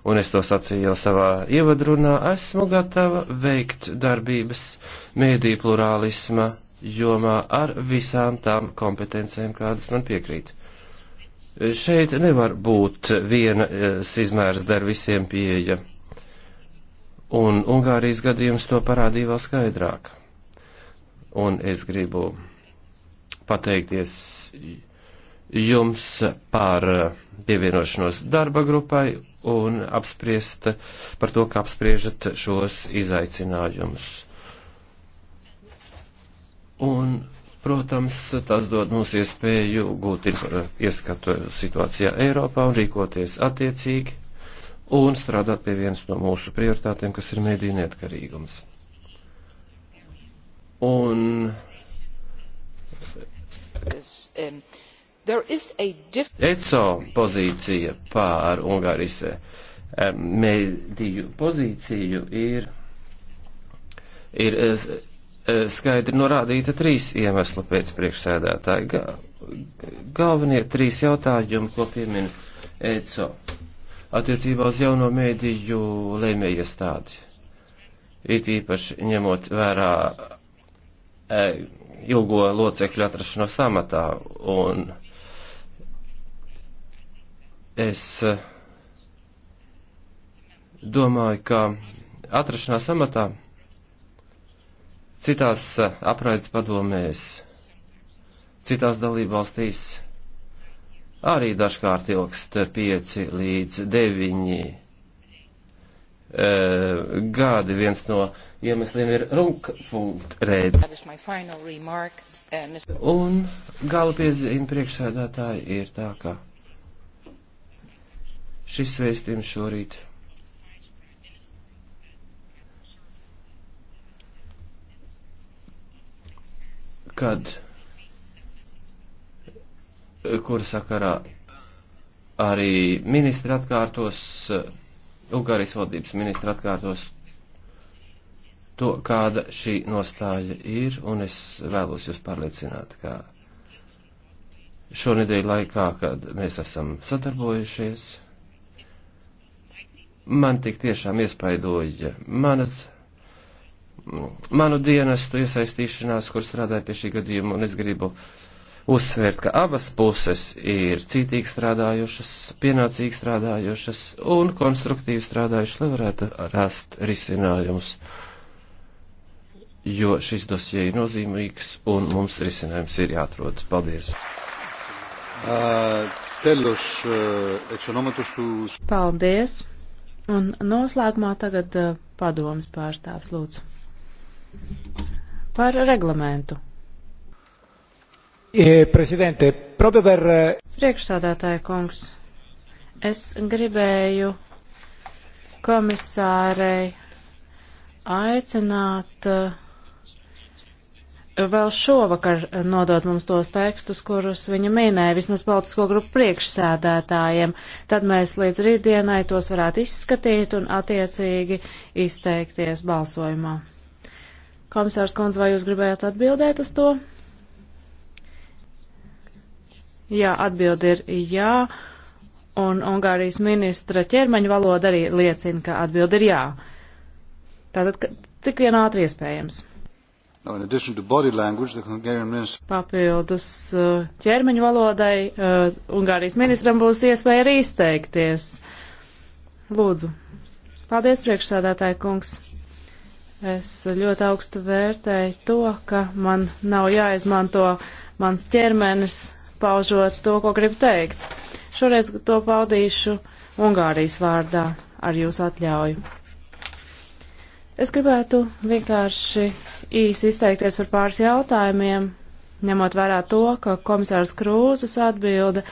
Speaker 5: un es to sacīju jau savā ievadrunā, esmu gatava veikt darbības mēdī plurālisma jomā ar visām tām kompetencēm, kādas man piekrīt. Šeit nevar būt vienas eh, izmērs der visiem pieeja, un Ungārijas gadījums to parādīja vēl skaidrāk. Un es gribu pateikties jums par eh, pievienošanos darba grupai un apspriest par to, kā apspriežat šos izaicinājumus. Un Protams, tas dod mums iespēju gūt eh, ieskatu situācijā Eiropā un rīkoties attiecīgi un strādāt pie vienas no mūsu prioritātiem, kas ir mediju neatkarīgums. Un ECO pozīcija pār Ungārijas eh, mediju pozīciju ir, ir eh, Eh, skaidri norādīta trīs iemesli pēc priekšsēdētāja. Galvenie trīs jautājumi, ko piemin ECO attiecībā uz jauno mēdīju lēmējiestādi. It īpaši ņemot vērā e, ilgo locekļu atrašanos amatā un es eh, domāju, ka atrašanās amatā Citās eh, apraides padomēs, citās dalībvalstīs arī dažkārt ilgst 5 līdz 9 e, eh, gadi. Viens no iemesliem ir runkfunktrēds.
Speaker 1: Eh,
Speaker 5: Un gala piezīme priekšsēdētāji ir tā, ka šis vēstījums šorīt kad, kur sakarā arī ministri atkārtos, Ugārijas valdības ministri atkārtos to, kāda šī nostāja ir, un es vēlos jūs pārliecināt, ka šonedēļ laikā, kad mēs esam sadarbojušies, man tik tiešām iespaidoja manas manu dienestu iesaistīšanās, kur strādāju pie šī gadījuma, un es gribu uzsvērt, ka abas puses ir cītīgi strādājušas, pienācīgi strādājušas un konstruktīvi strādājušas, lai varētu rast risinājumus, jo šis dosie ir nozīmīgs un mums risinājums ir jāatrod. Paldies!
Speaker 3: Uh, uh,
Speaker 6: Paldies! Un noslēgumā tagad uh, padomas pārstāvs lūdzu. Par reglamentu.
Speaker 3: Eh,
Speaker 2: Prezidente,
Speaker 6: proprio per. Eh, Priekšsādātāja kungs, es gribēju komisārei aicināt eh, vēl šovakar nodot mums tos tekstus, kurus viņa minēja, vismaz Baltisko grupu priekšsēdētājiem. Tad mēs līdz rītdienai tos varētu izskatīt un attiecīgi izteikties balsojumā. Komisārs Konz, vai jūs gribējāt atbildēt uz to? Jā, atbildi ir jā, un Ungārijas ministra ķermeņa valoda arī liecina, ka atbildi ir jā. Tātad, cik vien ātri iespējams?
Speaker 3: No, minister...
Speaker 6: Papildus uh, ķermeņa valodai uh, Ungārijas ministram būs iespēja arī izteikties. Lūdzu. Paldies, priekšsādātāja kungs. Es ļoti augstu vērtēju to, ka man nav jāizmanto mans ķermenis, paužot to, ko gribu teikt. Šoreiz to paudīšu Ungārijas vārdā ar jūsu atļauju. Es gribētu vienkārši īsi izteikties par pāris jautājumiem, ņemot vērā to, ka komisārs Krūzes atbilde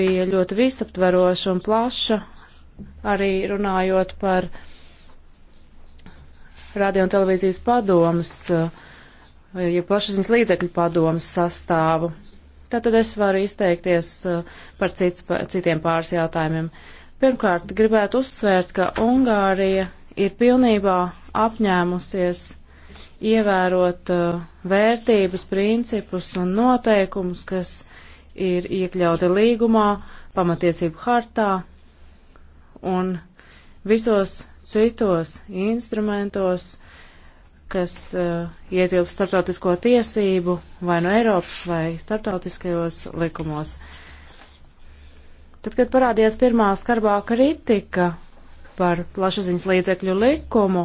Speaker 6: bija ļoti visaptveroša un plaša, arī runājot par uh, radio un televīzijas padomas, eh, ja plašsaziņas līdzekļu padomas sastāvu. Tātad es varu izteikties eh, par cits, citiem pāris jautājumiem. Pirmkārt, gribētu uzsvērt, ka Ungārija ir pilnībā apņēmusies ievērot eh, vērtības, principus un noteikumus, kas ir iekļauti līgumā, pamatiesību hartā un visos citos instrumentos, kas uh, ietilpst starptautisko tiesību vai no Eiropas vai starptautiskajos likumos. Tad, kad parādījās pirmā skarbā kritika par plašsaziņas līdzekļu likumu,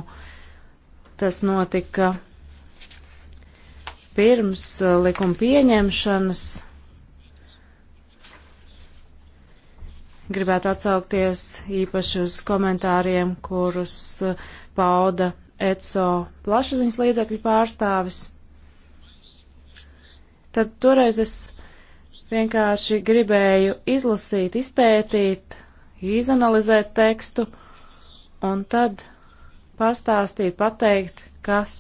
Speaker 6: tas notika pirms uh, likuma pieņemšanas gribētu atsaukties īpaši uz komentāriem, kurus uh, pauda ECO plašsaziņas līdzekļu pārstāvis. Tad toreiz es vienkārši gribēju izlasīt, izpētīt, izanalizēt tekstu un tad pastāstīt, pateikt, kas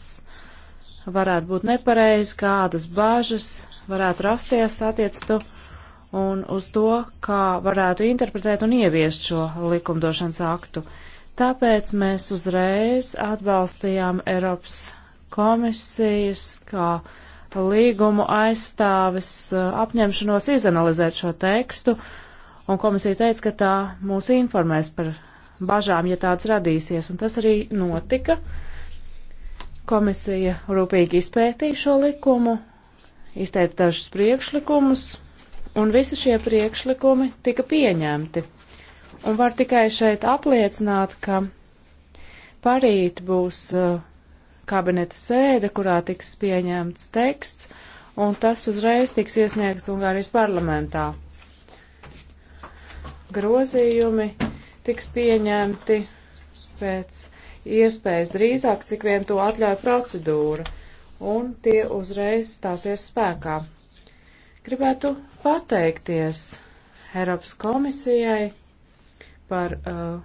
Speaker 6: varētu būt nepareizi, kādas bāžas varētu rasties attiecību un uz to, kā varētu interpretēt un ieviest šo likumdošanas aktu. Tāpēc mēs uzreiz atbalstījām Eiropas komisijas kā līgumu aizstāvis uh, apņemšanos izanalizēt šo tekstu, un komisija teica, ka tā mūs informēs par bažām, ja tāds radīsies, un tas arī notika. Komisija rūpīgi izpētīja šo likumu, izteica dažus priekšlikumus, Un visi šie priekšlikumi tika pieņemti. Un var tikai šeit apliecināt, ka parīt būs uh, kabineta sēde, kurā tiks pieņemts teksts, un tas uzreiz tiks iesniegts Ungārijas parlamentā. Grozījumi tiks pieņemti pēc iespējas drīzāk, cik vien to atļauj procedūra, un tie uzreiz stāsies spēkā. Gribētu pateikties Eiropas komisijai par uh,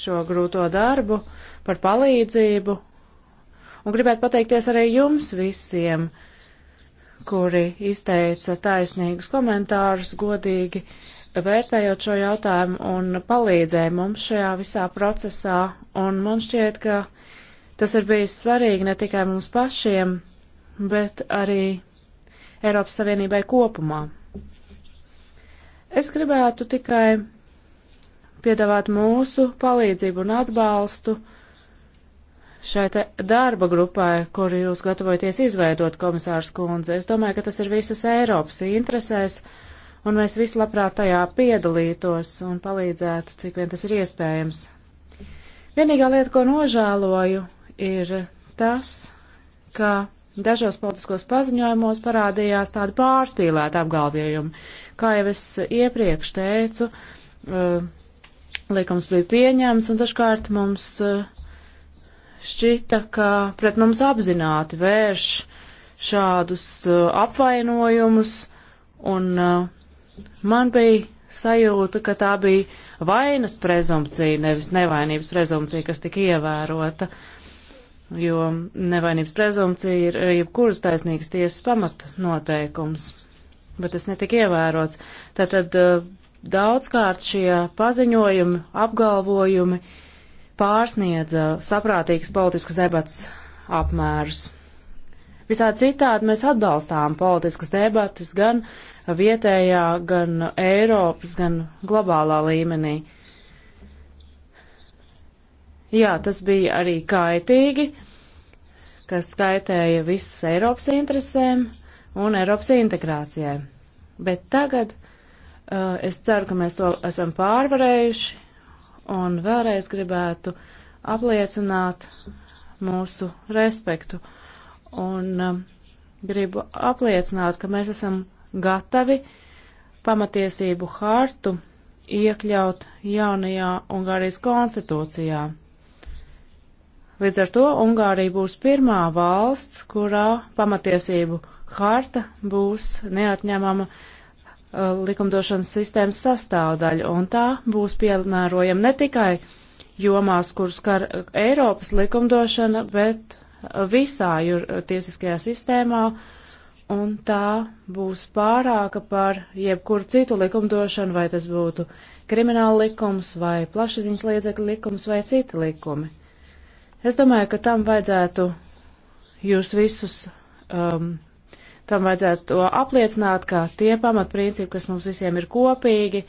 Speaker 6: šo grūto darbu, par palīdzību, un gribētu pateikties arī jums visiem, kuri izteica taisnīgus komentārus, godīgi vērtējot šo jautājumu un palīdzēja mums šajā visā procesā, un man šķiet, ka tas ir bijis svarīgi ne tikai mums pašiem, bet arī Eiropas Savienībai kopumā. Es gribētu tikai piedāvāt mūsu palīdzību un atbalstu šai darba grupai, kur jūs gatavojaties izveidot komisārs kundze. Es domāju, ka tas ir visas Eiropas interesēs, un mēs visi labprāt tajā piedalītos un palīdzētu, cik vien tas ir iespējams. Vienīgā lieta, ko nožēloju, ir tas, ka dažos politiskos paziņojumos parādījās tādi pārspīlēti apgalvējumi Kā jau es iepriekš teicu, eh, likums bija pieņemts un dažkārt mums eh, šķita, ka pret mums apzināti vērš šādus eh, apvainojumus un man bija sajūta, ka tā bija vainas prezumcija, nevis nevainības prezumcija, kas tika ievērota, jo nevainības prezumcija ir jebkuras taisnīgas tiesas pamat noteikums bet tas netika ievērots. Tātad eh, daudzkārt šie paziņojumi, apgalvojumi pārsniedza saprātīgas politiskas debats apmērus. Visā citādi mēs atbalstām politiskas debatas gan vietējā, gan Eiropas, gan globālā līmenī. Jā, tas bija arī kaitīgi, kas kaitēja visas Eiropas interesēm, un Eiropas integrācijai. Bet tagad uh, es ceru, ka mēs to esam pārvarējuši un vēlreiz gribētu apliecināt mūsu respektu. Un um, gribu apliecināt, ka mēs esam gatavi pamatiesību hartu iekļaut jaunajā Ungārijas konstitūcijā. Līdz ar to Ungārija būs pirmā valsts, kurā pamatiesību hartu harta būs neatņemama uh, likumdošanas sistēmas sastāvdaļa, un tā būs piemērojama ne tikai jomās, kuras kar uh, Eiropas likumdošana, bet uh, visā jur, uh, tiesiskajā sistēmā, un tā būs pārāka par jebkuru citu likumdošanu, vai tas būtu krimināla likums, vai plašsaziņas liedzekļu likums, vai citi likumi. Es domāju, ka tam vajadzētu jūs visus um, Tam vajadzētu to apliecināt, ka tie pamatprincipi, kas mums visiem ir kopīgi,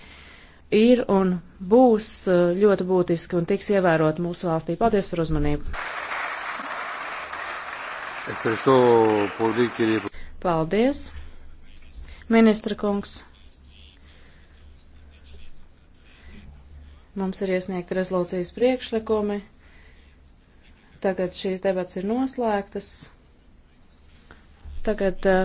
Speaker 6: ir un būs uh, ļoti būtiski un tiks ievērot mūsu valstī. Paldies par uzmanību! Paldies! Ministra kungs! Mums ir iesniegti rezolūcijas priekšlikumi. Tagad šīs debats ir noslēgtas. Tagad uh,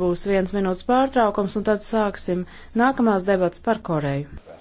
Speaker 6: būs viens minūtes pārtraukums, un tad sāksim nākamās debats par Koreju.